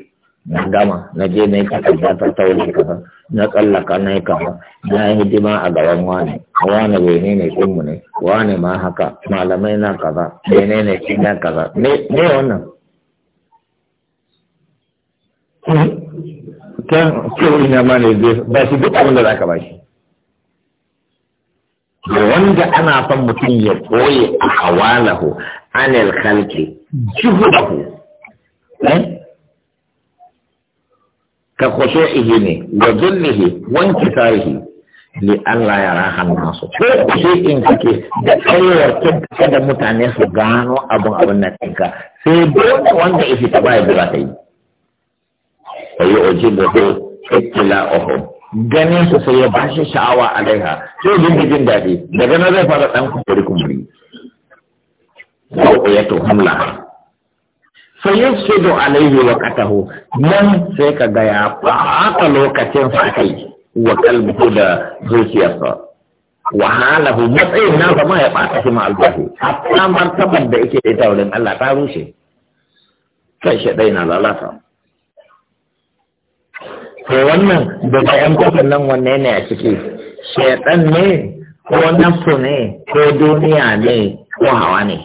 na gama na je na yi da ta taure kasa na tsallaka na yi kama na yi hidima a gaban wane wane wene ne kunmu ne wane ma haka malamai na kaza wene ne shi na kaza ne wannan kan kyau ina ma ne ba shi duk abin da za ka ba shi da wanda ana son mutum ya koye a hawalahu anil khalqi juhudahu eh ka khushu'ihi ne wa dhullihi wa inkisarihi li Allah ya rahan nasu ko khushu'in kake da tsayuwar kinka da mutane su gano abun abun nan ɗinka sai dole wanda ya fita ba ya bi ta yi wa yu'jibuhu ittila'uhum ganin su sai ya ba shi sha'awa a laiha sai dinga jin daɗi daga na zai fara ɗan kumburi kumburi ko ya to hamla fayasfidu alaihi waqatahu nan sai ka ga ya fata lokacin sa kai wa kalbuhu da zuciyarsa wahalahu matsayin na zama ya ɓata shi ma albashi hatta martabar da yake da ita wurin Allah ta rushe kai shi dai na lalata to wannan da bayan kofin nan wanne ne a ciki shaitan ne ko nafsu ne ko duniya ne ko hawa ne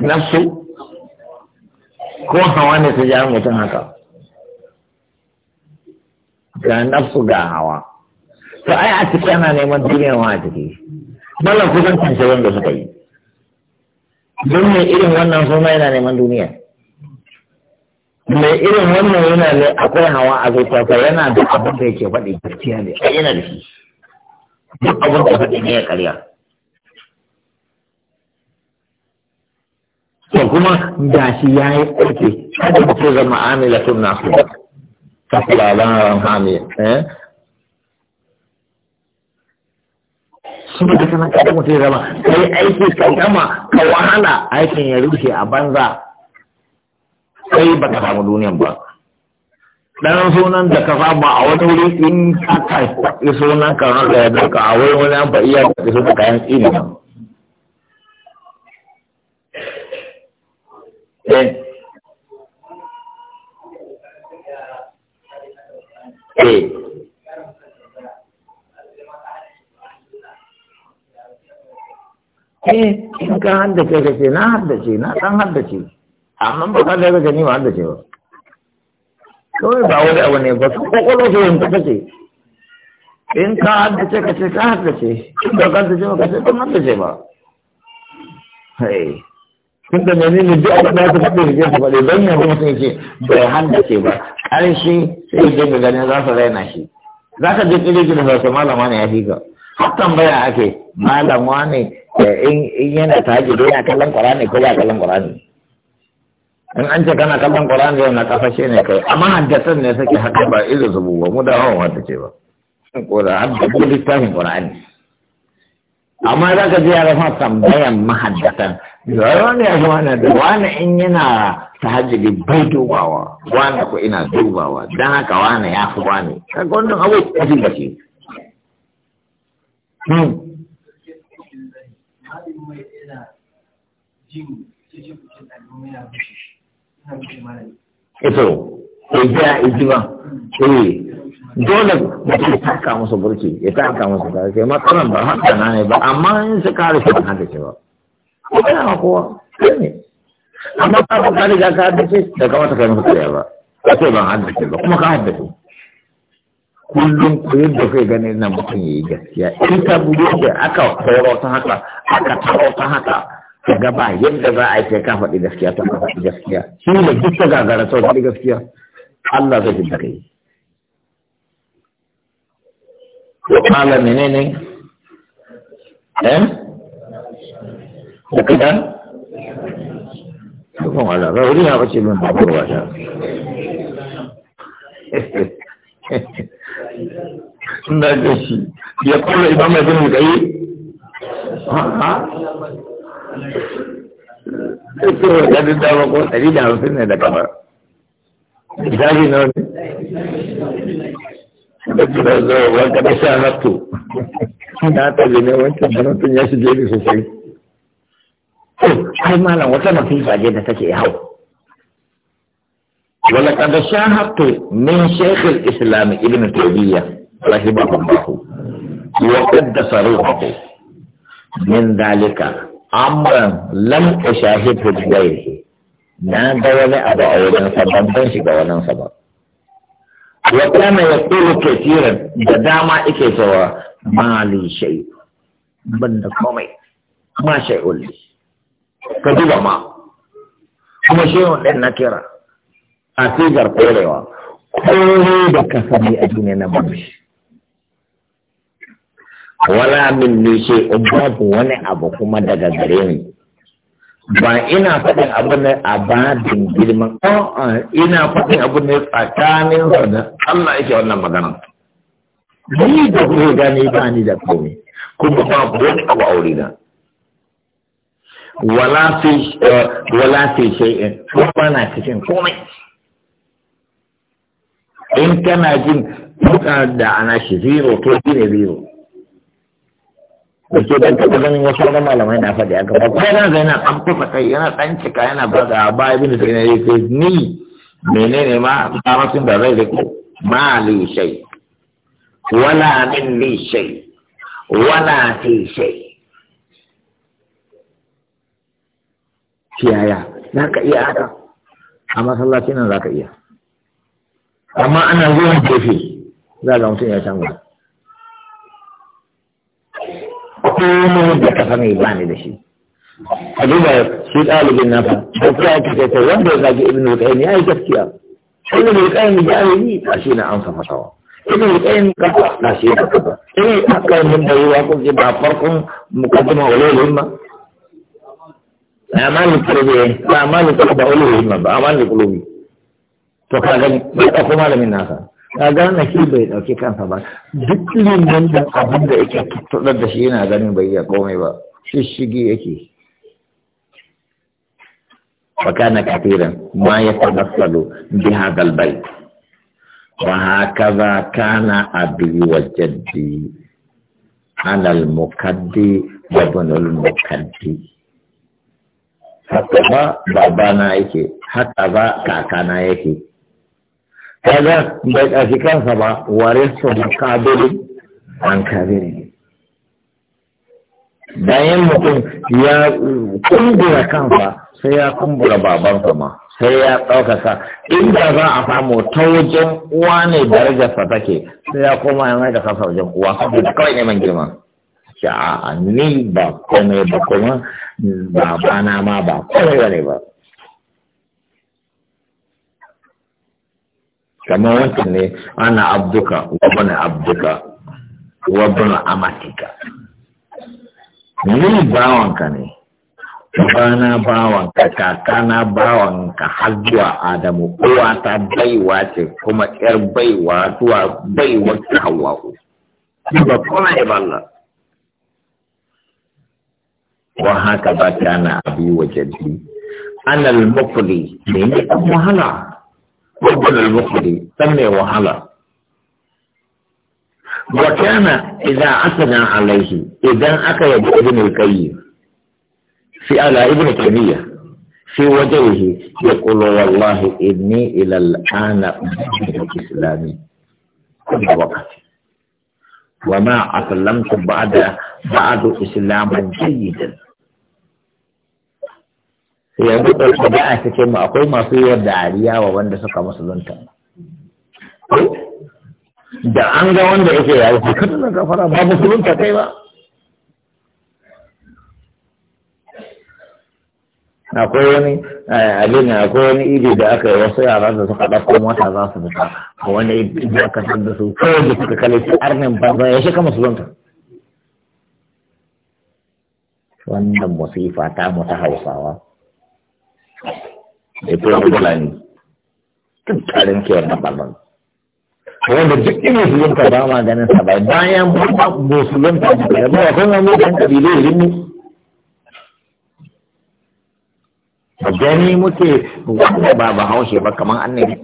nafsu ko hawa ne su ja mutum haka ga nafsu ga hawa to ai a ciki ana neman duniyar wa a ciki mallan kusan kance wanda suka yi don mai irin wannan suna yana neman duniya mai irin wannan yana ne akwai hawa a zuciyarsa yana da abin da yake faɗi gaskiya ne yana da shi duk abin da faɗi ne ya karya to kuma shi ya yi ƙarfi kada mutum zama na su ta labaran hamiya eh? sun da kanan kada mutum zama ka yi aiki ka gama ka wahala aikin ya rushe a banza sai ba ka samu duniyan ba dan sunan da ka saba a wani wuri in ka kai sunan ka ranka ya danka a wani wani an fa iya da sunan kayan tsini Eh. Eh. eh in ka ka ce na na amma ba ka gani ba ba kawai ba wani abu ne ba kace in ka ka ce ka in ba ka ba ka ce ba hey eh. kun da mene ne duk abin da aka faɗi da jefa faɗi don yanzu mutum yake bai haddace ba ƙarshe sai ya dinga ganin za su raina shi za ka je ƙirƙi da sauransu malama ne ya fi ka har tambaya ake malama ne eh, in yana haji da ya kallon ne ko ba kallon ne in an ce kana kallon ƙwarani ne na kafashe ne kai amma haddatan ne suke haka ba irin zubu ba mu da wata ce ba ko da haddace littafin ƙwarani amma za ka je ya rafa tambayan mahaddatan Zaron ya zama na da wani in yana tahajjudi bai dubawa, wani ko ina dubawa, don haka wani ya fi wani. Kaga wannan abu ya fi gashi. Hmm. Ito, ya iji ba, eh, dole mutum ya taka musu burki, ya taka musu burki, matsalan ba haka na ne ba, amma in su kare su ba ko kana ma kowa ne amma ka ba ka riga ka haddace da kamata kai masa kariya ba ka ce ban haddace ba kuma ka haddace kullum ku yadda kai gani na mutum ya yi gaskiya in ta buɗe da aka koro ta haka aka taro ta haka ka ga ba yadda za a yi sai ka faɗi gaskiya ta ka faɗi gaskiya shi ne duk ta gagara ta faɗi gaskiya Allah zai fidda kai to kala menene eh da kada dukkan wala ba wuri ya bace min babur wata na ga shi ya kula imam mai bin kai ha ya da dawo ko dari da hamsin ne da kamar misali na wani da kuma zuwa wanda da na to ne wancan mutum ya shige ni sosai ai malam wata masifa ce da take hau ولقد شاهدت من شيخ الإسلام ابن تيمية رحمه الله وقدس روحه من ذلك أمرا لم أشاهده بغيره نادى ولا أبا أولا سبب بنشك ولا سبب وكان يقول كثيرا بداما إكي سوا ما لي شيء بند قومي ما شيء لي ka duba ma kuma shehun ɗin na kira a sigar korewa komai da ka a duniya na babu wala min ne ce babu wani abu kuma daga gare ni ba ina faɗin abu ne a babin girman ina faɗin abu ne tsakanin da Allah yake wannan magana ni da kuma gani ba ni da kome kuma babu wani abu aure na wala fi eh, wala fi shay'in kuma na cikin komai in kana jin tuka da ana shi zero to shi ne zero da ke dan taɓa ganin wasu wani malamai na faɗi a gaba ko yana zai na ɗan kai yana ɗan cika yana ba da ba ibn da ya yi sai ni menene ma tsarasin da zai riko ma li shay wala min li shay wala fi shay ciyaya za ka iya haka a masallaci nan za ka iya amma ana zuwan gefe za ga mutum ya canza komai da ka sani ba ni da shi a duba shi ɗalibin nafa da kuma ya kike ta wanda ya zagi ibn al-qayyim ya yi gaskiya ibn al-qayyim ya yi ta shi na amsa fasawa ibn al-qayyim ka ta shi ka ta ibn al-qayyim da yawa ko ba farkon mukaddima walal himma amaani kuro bee ba amaani kuro ba olu yi ma ba amaani kuro bi to kaa gani ba ta kuma la mi naasa kaa gani na kii bai ɗauki kan sa ba dukkan yin nan da abin da yake tattaɓar da shi yana gani bai iya komai ba shishigi yake fa kana kafiran ma ya tabassalu bi hadal bait wa hakaza kana abi wa jaddi ala al muqaddi wa bunul muqaddi haka ba babana yake haka ba kakana yake kaga bai ɗafi kansa ba warisu makabili an kabiri bayan mutum ya kumbura kansa sai ya kumbura babansa ma sai ya ɗaukaka inda za a samu ta wajen uwa ne darajarsa take sai ya koma ya da kasa wajen uwa saboda kawai neman girma ce a ni ba komai ba kuma babana ma ba komai ba ne ba kamar wata ne ana abduka wabana abduka wabana amatika ni bawanka ne bana bawanka kakana bawanka har zuwa adamu kowa ta baiwa ce kuma ƙyar baiwa zuwa baiwa ta ku ba kuma ba Allah وهكذا كان أبي وجدي أنا المقلي يعني من وهلا ربنا المقلي سمي وهلا وكان إذا عثنا عليه إذا أكل ابن القيم في على ابن تيمية في وجهه يقول والله إني إلى الآن أحب الإسلامي كل وقت وما أسلمت بعد بعد إسلاما جيدا yanzu ɗauka da a cikin mu akwai masu yi dariya wa wanda suka musulunta da an ga wanda yake yayi ko kada na gafara ba musulunta kai ba akwai wani eh, abin akwai wani iri da aka yi wasu yara da suka ɗauko mota za su fita a wani iri da aka san da su kawai da suka kalli arnin banza ya masu musulunta wannan musifa ta mutu hausawa da turan fulani duk tarin kewar na ɓallon wanda duk ina musulunta ba ma ganin sa bai bayan ba musulunta ya ba kun ga mutan kabilu rinni ba muke wanda ba ba ba kamar annabi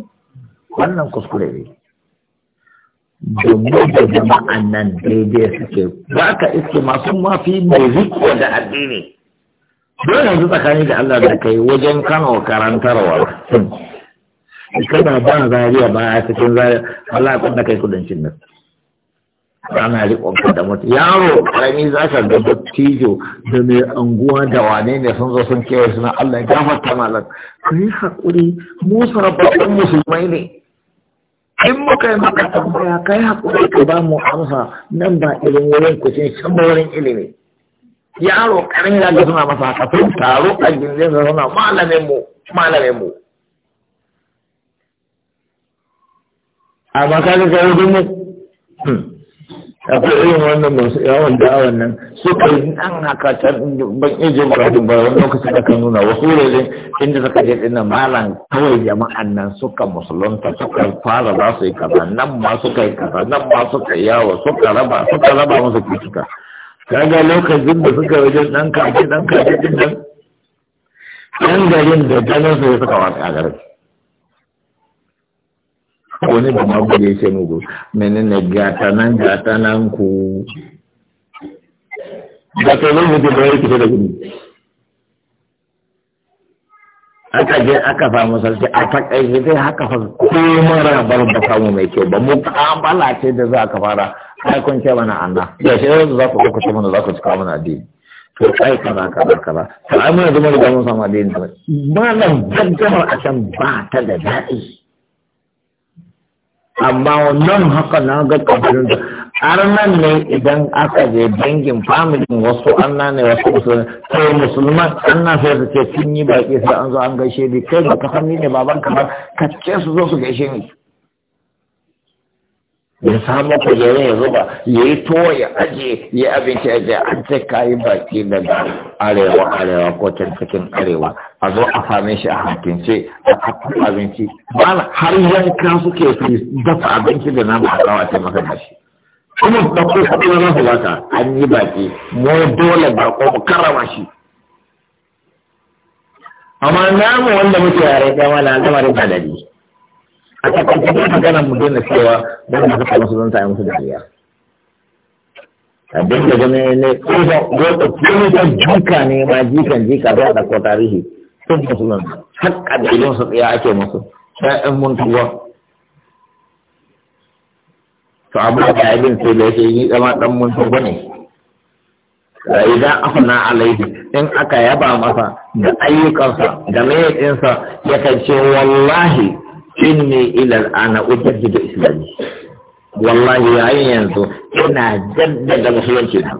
wannan kuskure ne domin da jama'an daidai suke ba ka iske masu mafi mai riko da addini dole yanzu tsakani da Allah da kai wajen kano karantarwa kana ba zariya ba a cikin zariya Allah kun da kai kudancin nan ana riƙon da mutu yaro karami za ka ga tijo da mai anguwa da wane ne sun zo sun kewa suna Allah ya ta malar ku yi haƙuri mu sarrafa musulmai ne in muka yi maka tambaya kai hakuri ka ba mu amsa nan ba irin wurin kusin shan ba wurin ilimi yaro karin ya ga suna masa haka sun taro a gindin sa suna malamin mu malamin mu amma ka ga garin mu hmm. akwai irin wannan masu yawon da'awan nan suka yi an haka can ban iya jin muradin ba wani lokacin da kan nuna wasu wurare inda suka je ɗin malam kawai jama'an nan suka musulunta suka fara za su yi kaza nan ma suka yi kaza nan ma suka yi yawo suka raba suka raba musu cutuka kaga lokacin da suka wajen dan kaji dan kaji din nan dan garin da ganin su suka a garin wani da mabu da ya ce mugu menene gata nan gata nan ku da ta ne mutu da yake da gudu aka je aka samu sarki a takaice sai haka fa ko mara bar ba samu mai kyau ba mu ambala ce da za ka fara ai kun ce mana Allah ya shi yanzu za ku ku ce mana za ku cika mana addini to ai kaza kaza kaza to ai muna zama da mun samu addini ba malam gaggawar a can ba ta da daɗi amma wannan haka na ga kabilun da arnan ne idan aka je dangin familin wasu anna ne wasu musulman sai musulman anna sai su ce sun yi baki sai an zo an gaishe ni kai ba ka san ni ne baban kamar ka ce su zo su gaishe ni ya samu kujerun ya zuba ya yi tuwo ya aje ya abinci ya je an ce kayi baki daga arewa arewa ko cikin arewa a zo a same shi a hankince a kakkun abinci ba har kan suke su dafa abinci da nama a kawace maka da shi kuma da ko kuma na su baka an yi baki mu dole ba ko mu karama shi amma namu wanda muke yare kai ma na zama da dalili a cikin cikin magana mu daina cewa don da suka musu zanta ya musu dariya abin da gane ne kuma da jika ne ma jikan jika za a ɗauko tarihi sun musu nan har ƙabilun su ya ake musu ɗan mun tuwa to abu da abin sai da yake yi zama ɗan mun tuwa ne idan afna alaihi in aka yaba masa da ayyukansa da mai ɗinsa ya kan ce wallahi inni ila al'ana ujaddidu islami wallahi yayin yanzu ina jaddada musulunci na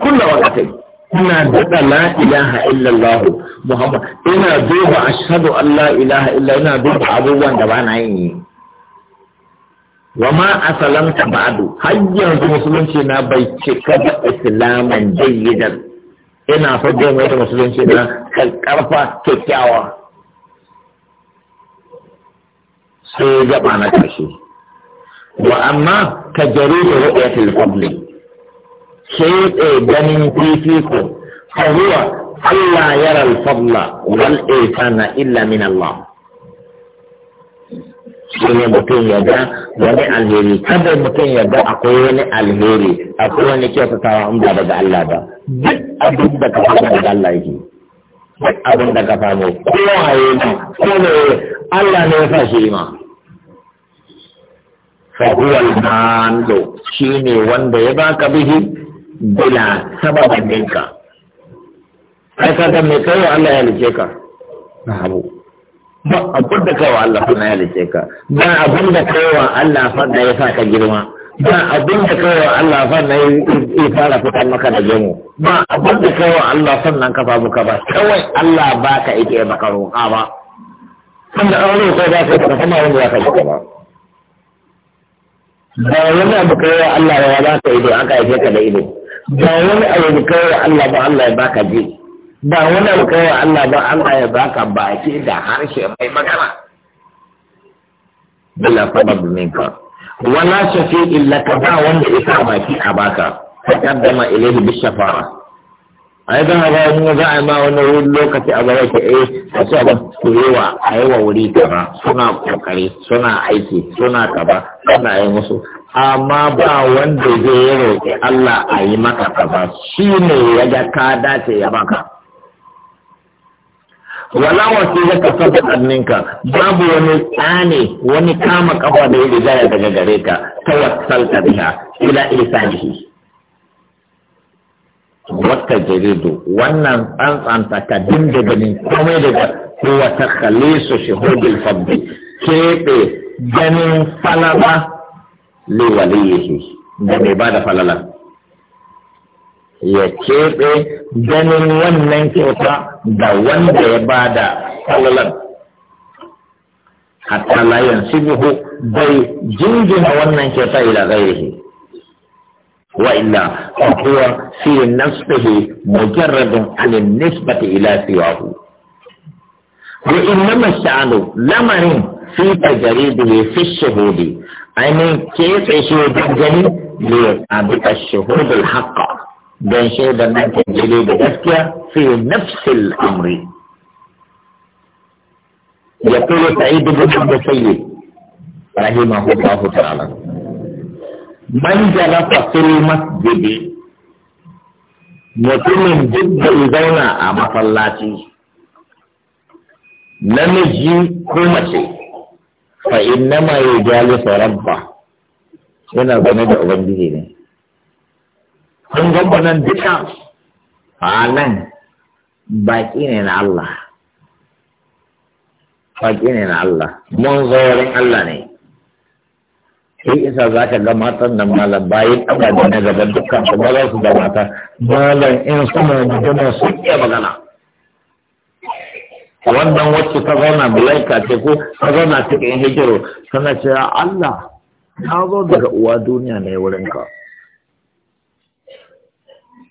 kullu waqtin ina daɗa la ilaha illallah muhammad ina duba ashhadu an la ilaha illa ina duba abubuwan da ba na yin yi wa ma asalamta ba'du har yanzu musulunci na bai cika da islaman jayyidan ina so dai mai musulunci na karfa kyakkyawa sai ya gaba na ƙarshe wa amma ta jaru da ru'yatul fadli sai ganin fifiko fahuwa Allah ya al-fadla wal ihsana illa min Allah shine mutum ya ga wani alheri kada mutum ya ga akwai wani alheri akwai wani kyautatawa in ba daga Allah ba duk abin da ka faɗa daga Allah yake duk abin da ka samu ko waye ma ko ne Allah ne ya sa shi ma shi ne wanda ya فهو المال bila وند يباك به بلا kai wa Allah ya lice ka. Na abu ba abin da wa Allah suna ya lice ka ba abin da wa Allah fadda ya sa ka girma ba abin da wa Allah fadda ya fara fitar maka da gemu. ba abin da wa Allah sannan ka fa ka ba kawai Allah ba ka ike maka roƙa ba sanda aure ko za ka ka kuma wanda ya ka ba ba wani abu kai wa Allah ya ba ka ido aka haife ka da ido ba wani abu kai wa Allah ba Allah ya baka ji ba wani abu kai wa Allah ba Allah ya baka baki da harshe mai magana bila sabab ka wala illa ka ba wanda ya sa baki a baka fa kaddama ilayhi bi shafara ai zama ga wani za a ma wani lokaci a gaba ke eh a ce ba ku yi wa a yi wa wuri gaba suna kokari suna aiki suna gaba suna yi musu amma ba wanda zai yi roƙi Allah a yi maka gaba shi ne ya ga ka dace ya maka wala wasu ya ka sabu ɗanninka babu wani tsane wani kama kafa da ya riga daga gare ka ta tawassalta biha ila isanihi wata jaridu wannan tsantsanta ka da gani komai daga kowace khalisu shahudul fabbi keɓe ganin falala liwaliyihi da mai ba da falala ya keɓe ganin wannan kyauta da wanda ya ba da falalar hatta layan yansibuhu bai jingina wannan kyauta ila ghairihi وإلا فهو في نفسه مجرد عن النسبة إلى سواه وإنما الشأن لمر في تجريده في الشهود أن يعني كيف يشهد الجليل ليثابت الشهود الحق بين شهود الناس الجليل بذكية في نفس الأمر يقول سعيد بن عبد السيد رحمه الله تعالى man jalasa fil masjidi mutumin duk da ya zauna a masallaci namiji ko mace fa ma ya jalisa rabba yana zaune da ubangiji ne kun gamba nan duka a nan baki ne na Allah baki ne na Allah mun zaurin Allah ne sai isa za ka ga matan da malam bayan ɗaga da na gaban dukkan su malar su da mata malam in suna magana su iya magana wannan wacce ta zauna bulaika ce ko ta zauna cikin hijiro tana cewa Allah na zo daga uwa duniya ne ka?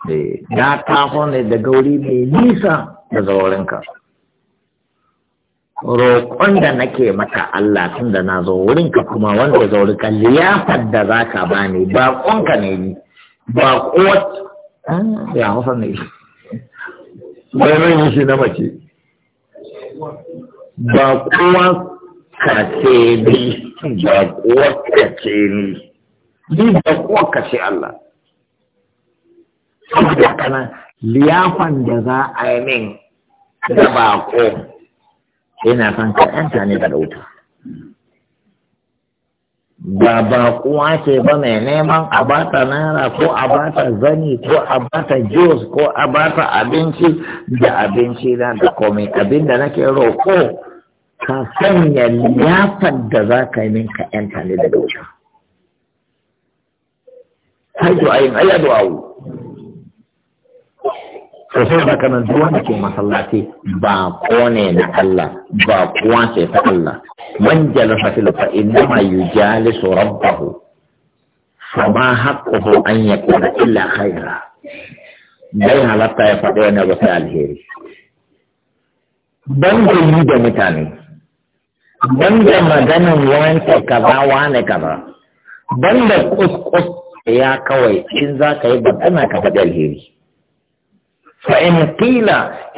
Eh, na taho ne daga wuri mai nisa daga wurin ka? roƙon da nake maka Allah tun da na zo wurin ka kuma wanda zo wurin ka liyafar da za ka ba ni ba ƙonka ne yi ba ƙuwat ah, ya hausa ne bai mai yi shi na mace ba ƙuwa ka ce ni ba ƙuwa ka ce ni ni ba ƙuwa ka ce Allah saboda kana liyafan da za a yi min da ba ƙo Ina son ka yanta ne da wuta ba ba kuwa ce ba mai neman a bata naira ko a bata zani ko a bata juice ko a bata abinci da abinci na da komai abin da nake roƙo ka sanya liyafar da za ka yi min ka yanta ne da wuta. a ayin ayyadu awu. Ko sai da kana duk wanda ke masallaci ba kone na Allah ba kuwa sai ta Allah man jalasa fil fa inna ma yujalisu rabbahu ma haqquhu an yakuna illa khaira dai halatta ya faɗi wani alheri ban da yi da mutane ban da maganan wanke kaza wane kaza ban da kuskus ya kawai in za ka yi magana ka faɗi alheri فإن قيل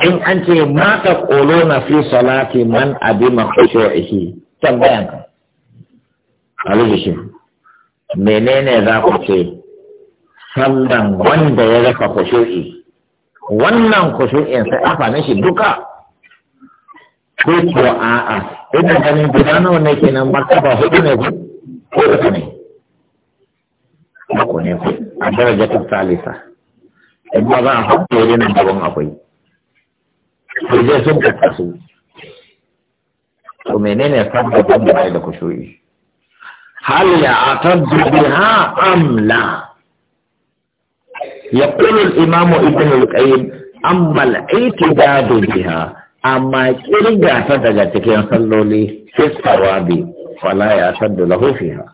إن أنت ما تقولون في صلاة من أدم خشوعه كم قالوا لي منين ذاك شيء sallan wanda ya raka kushu'i wannan kushu'in sai aka mishi duka ko ko a'a ina ganin guda nawa ne kenan martaba hudu ne ku ko ne ko ne a daraja ta salisa in ba za a haɗa wajen nan daban akwai sai sun kasa su to menene sabbin da bai da kushuri hal ya ataddu biha am la يقول الإمام ابن القيم أما الاعتداد بها أما كرجع فدقتك يصلوا لي في الثواب فلا يعتد له فيها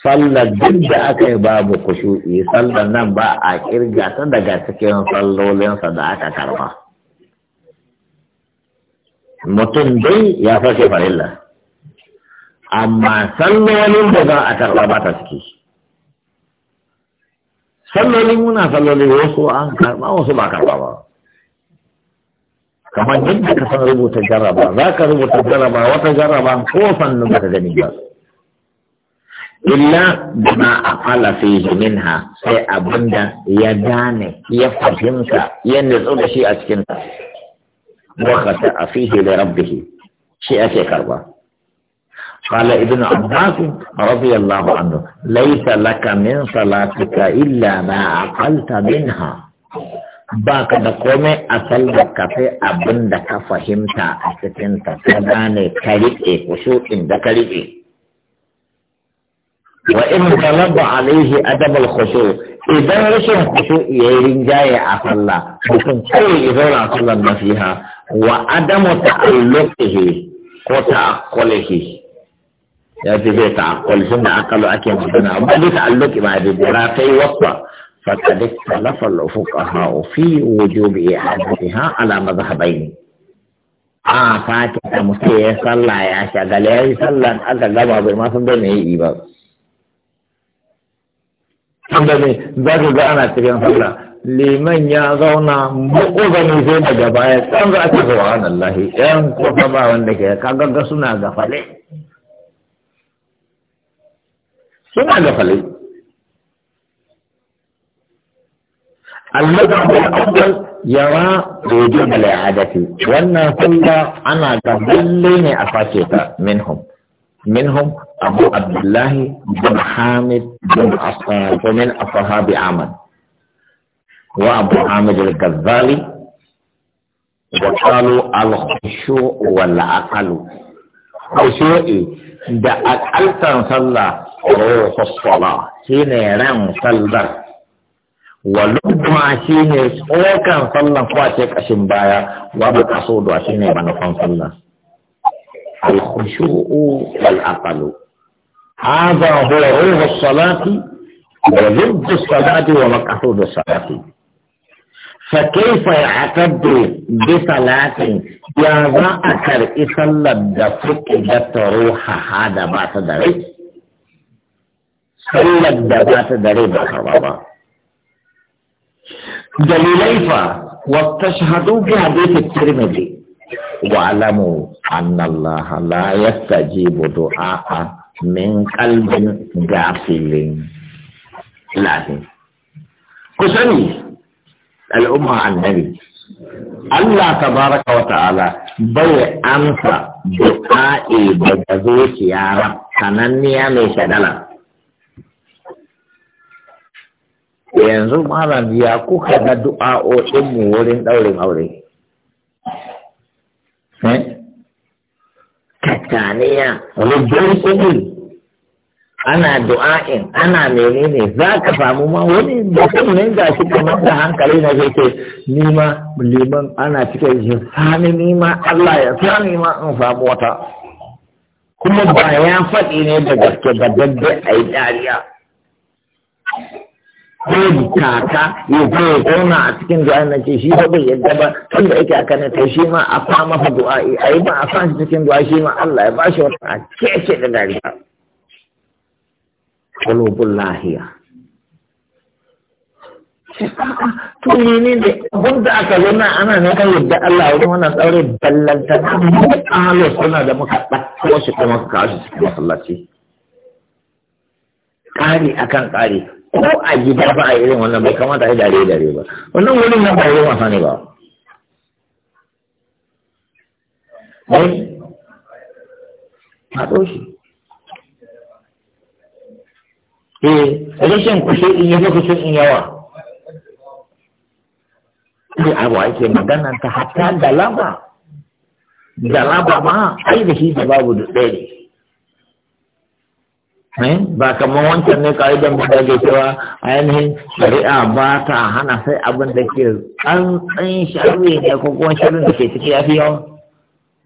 sallar duk da aka yi babu kushu'i sallar nan ba a kirga ta daga cikin sallolinsa da aka karba mutum dai ya fashe farilla amma sallolin da za a karba ba ta suke sallolin muna salloli wasu an karba wasu ba karba ba kamar yadda ka san rubuta jaraba, za ka rubuta jaraba wata jaraba ko sannu ba ta gani ba illa bima fi fihi minha sai abinda ya gane ya fahimta ya nutsu da shi a cikin ta wa khata fihi li rabbi shi ake karba qala ibnu abbas radiyallahu anhu laysa laka min salatika illa ma aqalta minha ka da komai a salla ka sai abin da ka fahimta a cikin ta ka gane ka riƙe kushuɗin da ka riƙe wa in talaba alaihi adab al-khushu idan rashin khushu ya yi rinjaye a sallah mutum kawai ya zauna a sallar nasiha wa adamu ta'alluqihi ko ta'aqqulihi ya ce zai ta'aqqul shin da ake amma ba da فقد اختلف الفقهاء في وجوب إعادتها على مذهبين a fata da mutum ya salla ya shagala ya yi sallan aka gama bai ma yi ba Tunda ne za ka ga ana cikin sallah liman ya zauna ma'ugani sai daga baya kan za a ce zuwa an Allahi ƴan kuma ba wanda ke kagaga suna gafale. Suna gafale. Allah da kuma ya ra rojo da la'adati wannan sallah ana ga dalle ne a face ta minhum. منهم أبو عبد الله بن حامد بن أصحاب ومن أصحاب عمد وأبو حامد الغزالي وقالوا الخشوع والعقل da akaltan sallah ruhu sallah ne ran sallar wa shi ne tsokan sallah, ko ce kashin baya wa bu kaso da shine manufan sallah الخشوع والعقل هذا هو روح الصلاة وضد الصلاة ومقصود الصلاة فكيف يعتد بصلاة يا ذاكر إصلا دفك جت روح هذا بعد ذلك صلت دبات دري بخبابا دليليفا واستشهدوا بحديث الترمذي واعلموا أن الله لا يستجيب min من قلب غافل Ku sani al'umma عن Allah tabaraka wa ta'ala bai amsa du'a'i daga zuciya sananniya mai shadala. Yanzu malam ya kuka ga du'a'o'inmu wurin ɗaurin aure. Eh? tattaniya rubar kuɗi ana du'a'in ana menene za ka samu ma wani mutum ne ga shi kamar da hankali na zai ce ni ma liman ana cikin shi sani ni ma Allah ya sani ma in samu wata kuma ba ya faɗi ne da gaske ba daddai a yi dariya zai taka ya zo ya zauna a cikin du'a na ce shi ba bai yadda ba tunda yake a kan ta shi ma a fa masa du'a a yi ba a sa shi cikin du'a shi ma Allah ya bashi wata a kece da dariya kulubun lahiya to ne ne da abin da aka zauna ana ne kan yadda Allah ya na tsaurin ballanta na mu'amalar suna da muka ɗauko shi kuma ka kawo shi cikin masallaci ƙari akan ƙari ko a gida ba a irin wannan bai kamata a dare dare ba wannan wani na yi wasa ne ba dai eh? a ɗoshi eh rashin kushe in yi kushe in yawa sai abu ake magana ta hatta da laba da ma ai da shi da babu da ɗaya ba kamar wancan ne ka'idan da ke cewa ainihin shari'a ba ta hana sai abin da ke tsantsan shari'a ne ko kuma shari'a da ke ciki ya fi yawa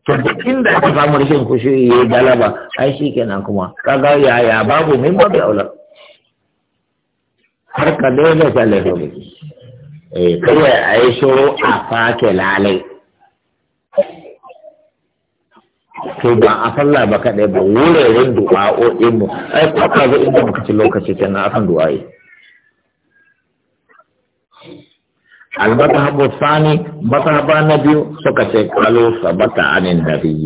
to duk inda aka samu rashin kushe ya yi galaba ai shi kenan kuma kaga yaya babu min babu aula har ka dole ta lafiya eh kawai a yi shuru a fake lalai to ba a sallah ba kaɗai ba wuraren du'a'o'in mu ai kwata zo inda muka ci lokaci kenan akan du'a'i المذهب الثاني مذهب النبي سكت قالوا ثبت عن النبي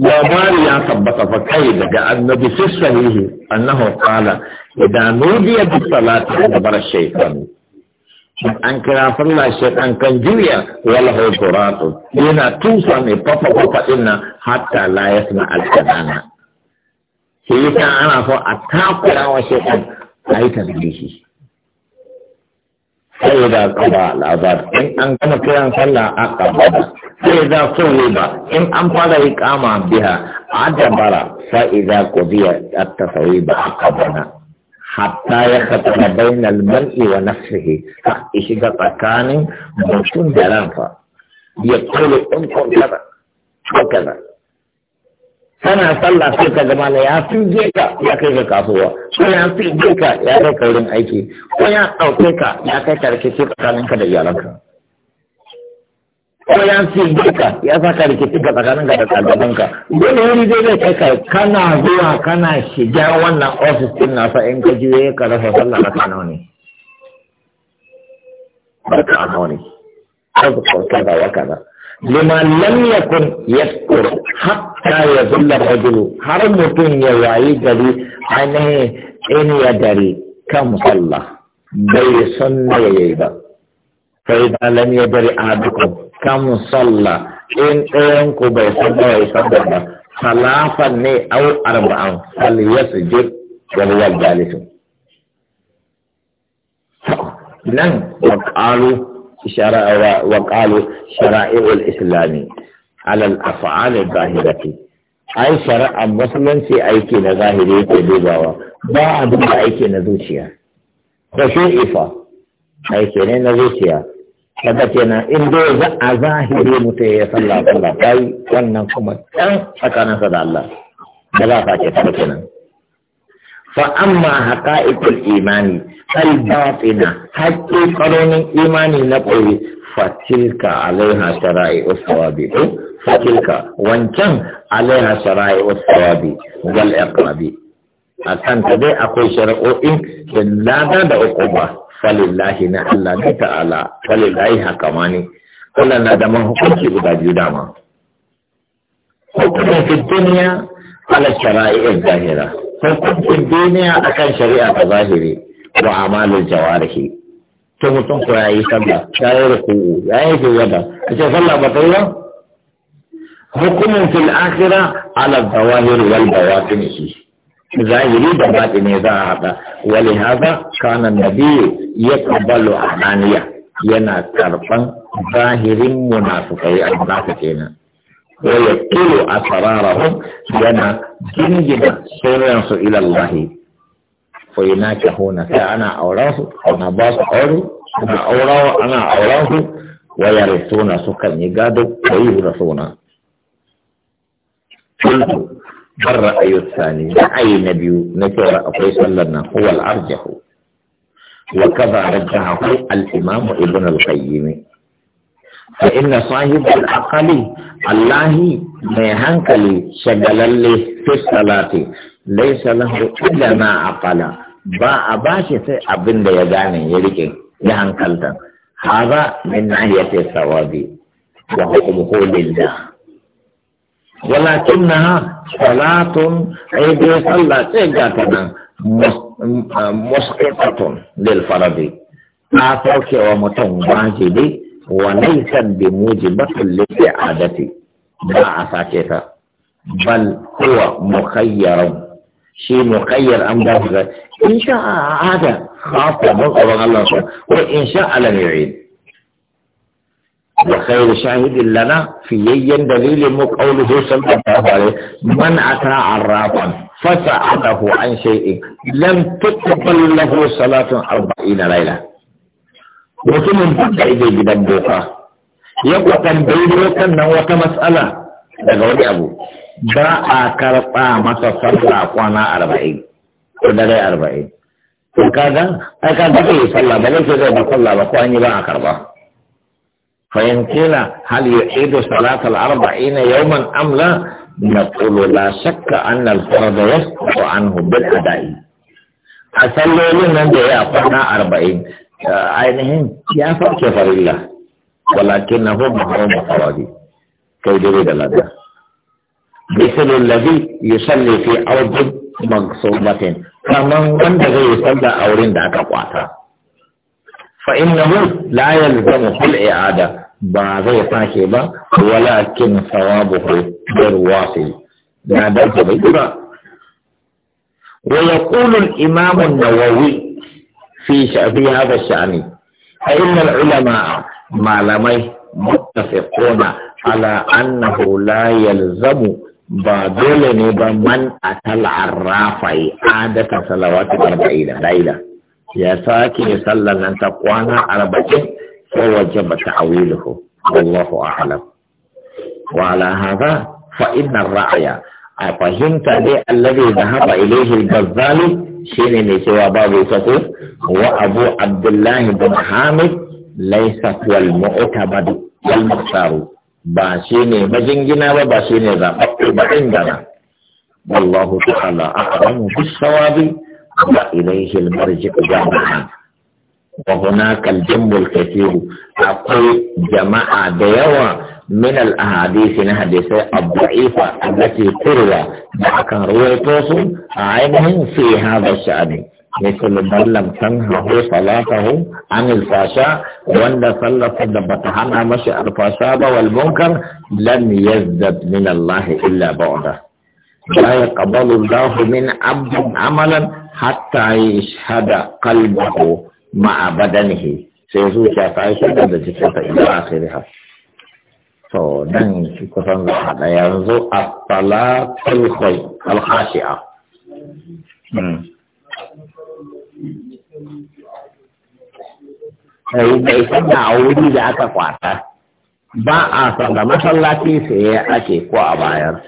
ومال يا ثبت فكيد جاء النبي في الصحيح انه قال اذا نودي بالصلاه كبر الشيطان an kira sallah shaitan kan juya wala hauturatu yana tusa mai fafa fafa dinnan hatta la yasma al-kadana shi yasa ana so a takura wa shaitan a yi tasbihi sai da kaba al'azab in an gama kiran sallah a kaba sai da ba in an fara iqama biha adabara sai da qudiya at-tasawiba akabana hatta ya katana bainal mar'i wa nafsihi har shiga tsakanin mutum da ranfa ya kula ɗin kwankwaza kwankwaza tana sallah sai ka zama na ya je ka ya kai ka kasuwa ko ya je ka ya kai ka wurin aiki ko ya ɗauke ka ya kai ka rikici tsakaninka da iyalanka ko ya fi duka ya saka rikici ga tsakanin ga ɗalibanka dole wani zai zai kai kai kana zuwa kana shiga wannan ofis din nasa in ka juye ka rasa sallah raka nawa ne raka nawa ne azuka kaza wa kaza lima lam yakun yaskur hatta ya zulla rajulu har mutum ya wayi gari ainihin in ya dare kan sallah bai san ya yi ba fa ya lam a ahadukum kam sallah in ɗayan ku bai salla ya salla ba salafan ne au arba'an fal yasjud wa huwa jalisu nan wa qalu shara'a wa shara'i'ul islami ala al-af'al al-zahirati ai shari'a musulunci aiki na zahiri yake dubawa ba abin da aiki na zuciya da ifa aiki ne na zuciya kaga kenan in dai za a zahiri mutum ya sallah sallah ta wannan kuma ɗan tsakaninsa da Allah da za a sake ta kenan fa amma haqa'iqul imani al batina haqiqanin imani na ƙoyi fa tilka alaiha shara'i'us sawabi fa tilka wancan alaiha shara'i'us sawabi wal iqrabi a ta dai akwai shari'o'in da lada da ba falillahi na Allah da ta'ala falillahi ma ne Allah na da hukunci guda biyu dama hukumin fi duniya ala shara'i'in zahira hukumin duniya akan shari'a ta zahiri wa amalin jawarihi to mutum ko yayi sallah yayi ruku'u yayi A ce sallah ba ta yi ba hukumin fil akhirah ala zawahir wal bawatin shi zahiri da baɗi ne za a haɗa wali haza kana nabi ya kabalu ananiya yana karɓan zahirin munafukai a nasa kenan wa ya tilo a sararahun yana jingina sirrinsu ilallahi fa yana ke hona sai ana auren su ana ba su aure ana aurawa ana auren su wa ya sukan yi gado ko yi rasuna. الرأي الثاني رأي النبي نشر أقوي صلى الله هو الأرجح وكذا رجحه الإمام ابن القيم فإن صاحب العقل الله ما شغل لي في الصلاة ليس له إلا ما عقل با أباش في أبن ديجاني يلكي لهنكلتا هذا من ناحية الثواب وحكمه لله ولكنها صلاة عيد صلى سجاتنا مسقطة للفرض آثرك ومتن واجب وليست بموجبة للإعادة لا أساكتا بل هو مخير شيء مخير أم إن شاء عادة خاصة من الله وإن شاء لم يعيد وخير شاهد لنا في يي دليل مقوله صلى الله عليه من اتى عرافا فسأله عن شيء لم تقبل له صلاة أربعين ليلة وثم بدأ إذا بدبوها يبقى كان بيبوكا نوك مسألة لقول أبو باء كرطا مسا صلى أقوانا أربعين ودري أربعين وكذا أكاد بقي صلى بليس إذا بصلى بقواني باء كرطا فإن قيل هل يعيد صلاة الأربعين يوما أم لا نقول لا شك أن الفرض يسقط عنه بالأداء أصلوا لنا يا أفرنا أربعين أينهم آه، يا فرق كفر الله ولكنه محروم فرادي كي يريد الأداء. مثل الذي يصلي في أرض مقصوبة فمن من الذي يصلي أورين ذاك قواتا فإنه لا يلزم في الإعادة ba zai fashe ba walakin sawabuhu bil wasil da da bai ba wa yaqulu al imam an-nawawi fi shafi hadha sha'ani fa inna al ulama malamai muttafiquna ala annahu la yalzamu ba dole ne ba man atal arrafai adata salawatu arba'ina laila ya sake sallan nan ta kwana arba'in ووجب تعويله والله أعلم وعلى هذا فإن الرأي أفهمت لي الذي ذهب إليه الغزالي شيني نسوى باب يسكت وأبو عبد الله بن حامد ليس هو المعتمد والمختار باشيني مجنجنا وباشيني ذهب بعندنا والله تعالى أعلم بالصواب وإليه المرجع جميعا وهناك الجم الكثير أقول جماعة ديوة من الأحاديث نحديث الضعيفة التي تروى معك روايتوس عينهم في هذا الشأن مثل من لم تنهه صلاته عن الفاشا وان صلى صدبت عنها مشي الفحشاء والمنكر لم يزدد من الله إلا بعده لا يقبل الله من عبد عملا حتى يشهد قلبه ma'a badanihi sai zuciya ta yi shaɗa da jikin ta ila akhiriha to nan shi kusan za a da yanzu a salatul khul al-khashi'a sai hmm. bai sanna a wuri da aka kwata ba a san da masallaci sai ake ko a bayar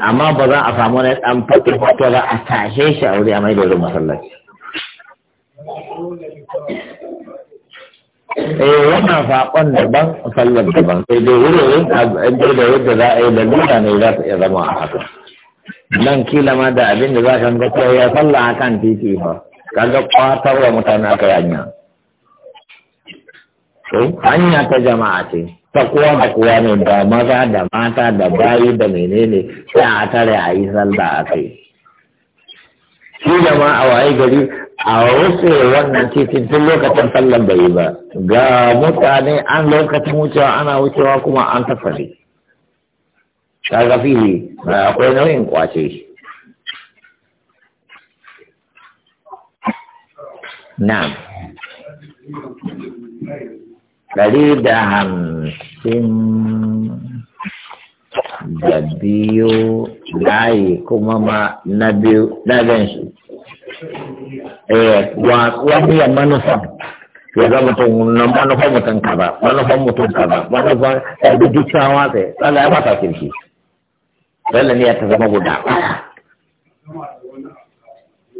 amma ba za a samu ne ɗan fatin fato ba a tashe shi a wuri a mai da masallaci eh wannan saƙon daban sallar daban sai dai wurin da yadda za a yi da ne za su iya zama a haka nan kila ma da abin da za ka ga ko ya salla a kan titi ba ga kwatar wa mutane aka yi hanya eh, hanya ta jama'a ce ta kowa da kowa ne da maza da mata da bayi da menene sai a tare a yi sallah a kai shi da ma a waye gari a wasu wannan titin tun lokacin sallan bai ba ga mutane an lokacin wucewa ana wucewa kuma an tafari kaga fili na akwai nau'in kwace na ɗari da hamsin da biyu layi kuma ma na biyu ɗagan shi eh wa wani ya manufa ya ga mutum na manufan mutum kaza manufan mutum kaza manufan ya bi dukkawa tsaye tsala ya mata kirki dole ne ya ta zama guda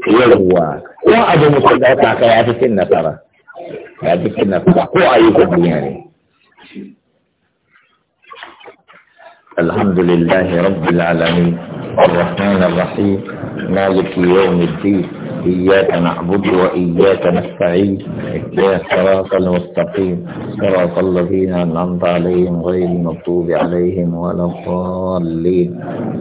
yawwa ko abu mutum da ka ya fi cin nasara ya fi cin nasara ko ayyukan duniya ne الحمد لله رب العالمين الرحمن الرحيم مالك يوم الدين إياك نعبد وإياك نستعين اهدنا الصراط المستقيم صراط الذين أنعمت عليهم غير المغضوب عليهم ولا الضالين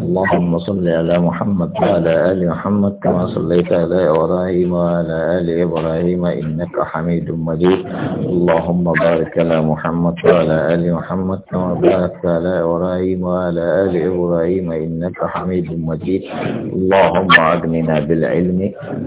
اللهم صل على محمد وعلى آل محمد كما صليت على إبراهيم وعلى آل إبراهيم إنك حميد مجيد اللهم بارك على محمد وعلى آل محمد كما باركت على إبراهيم وعلى آل إبراهيم إنك حميد مجيد اللهم أغننا بالعلم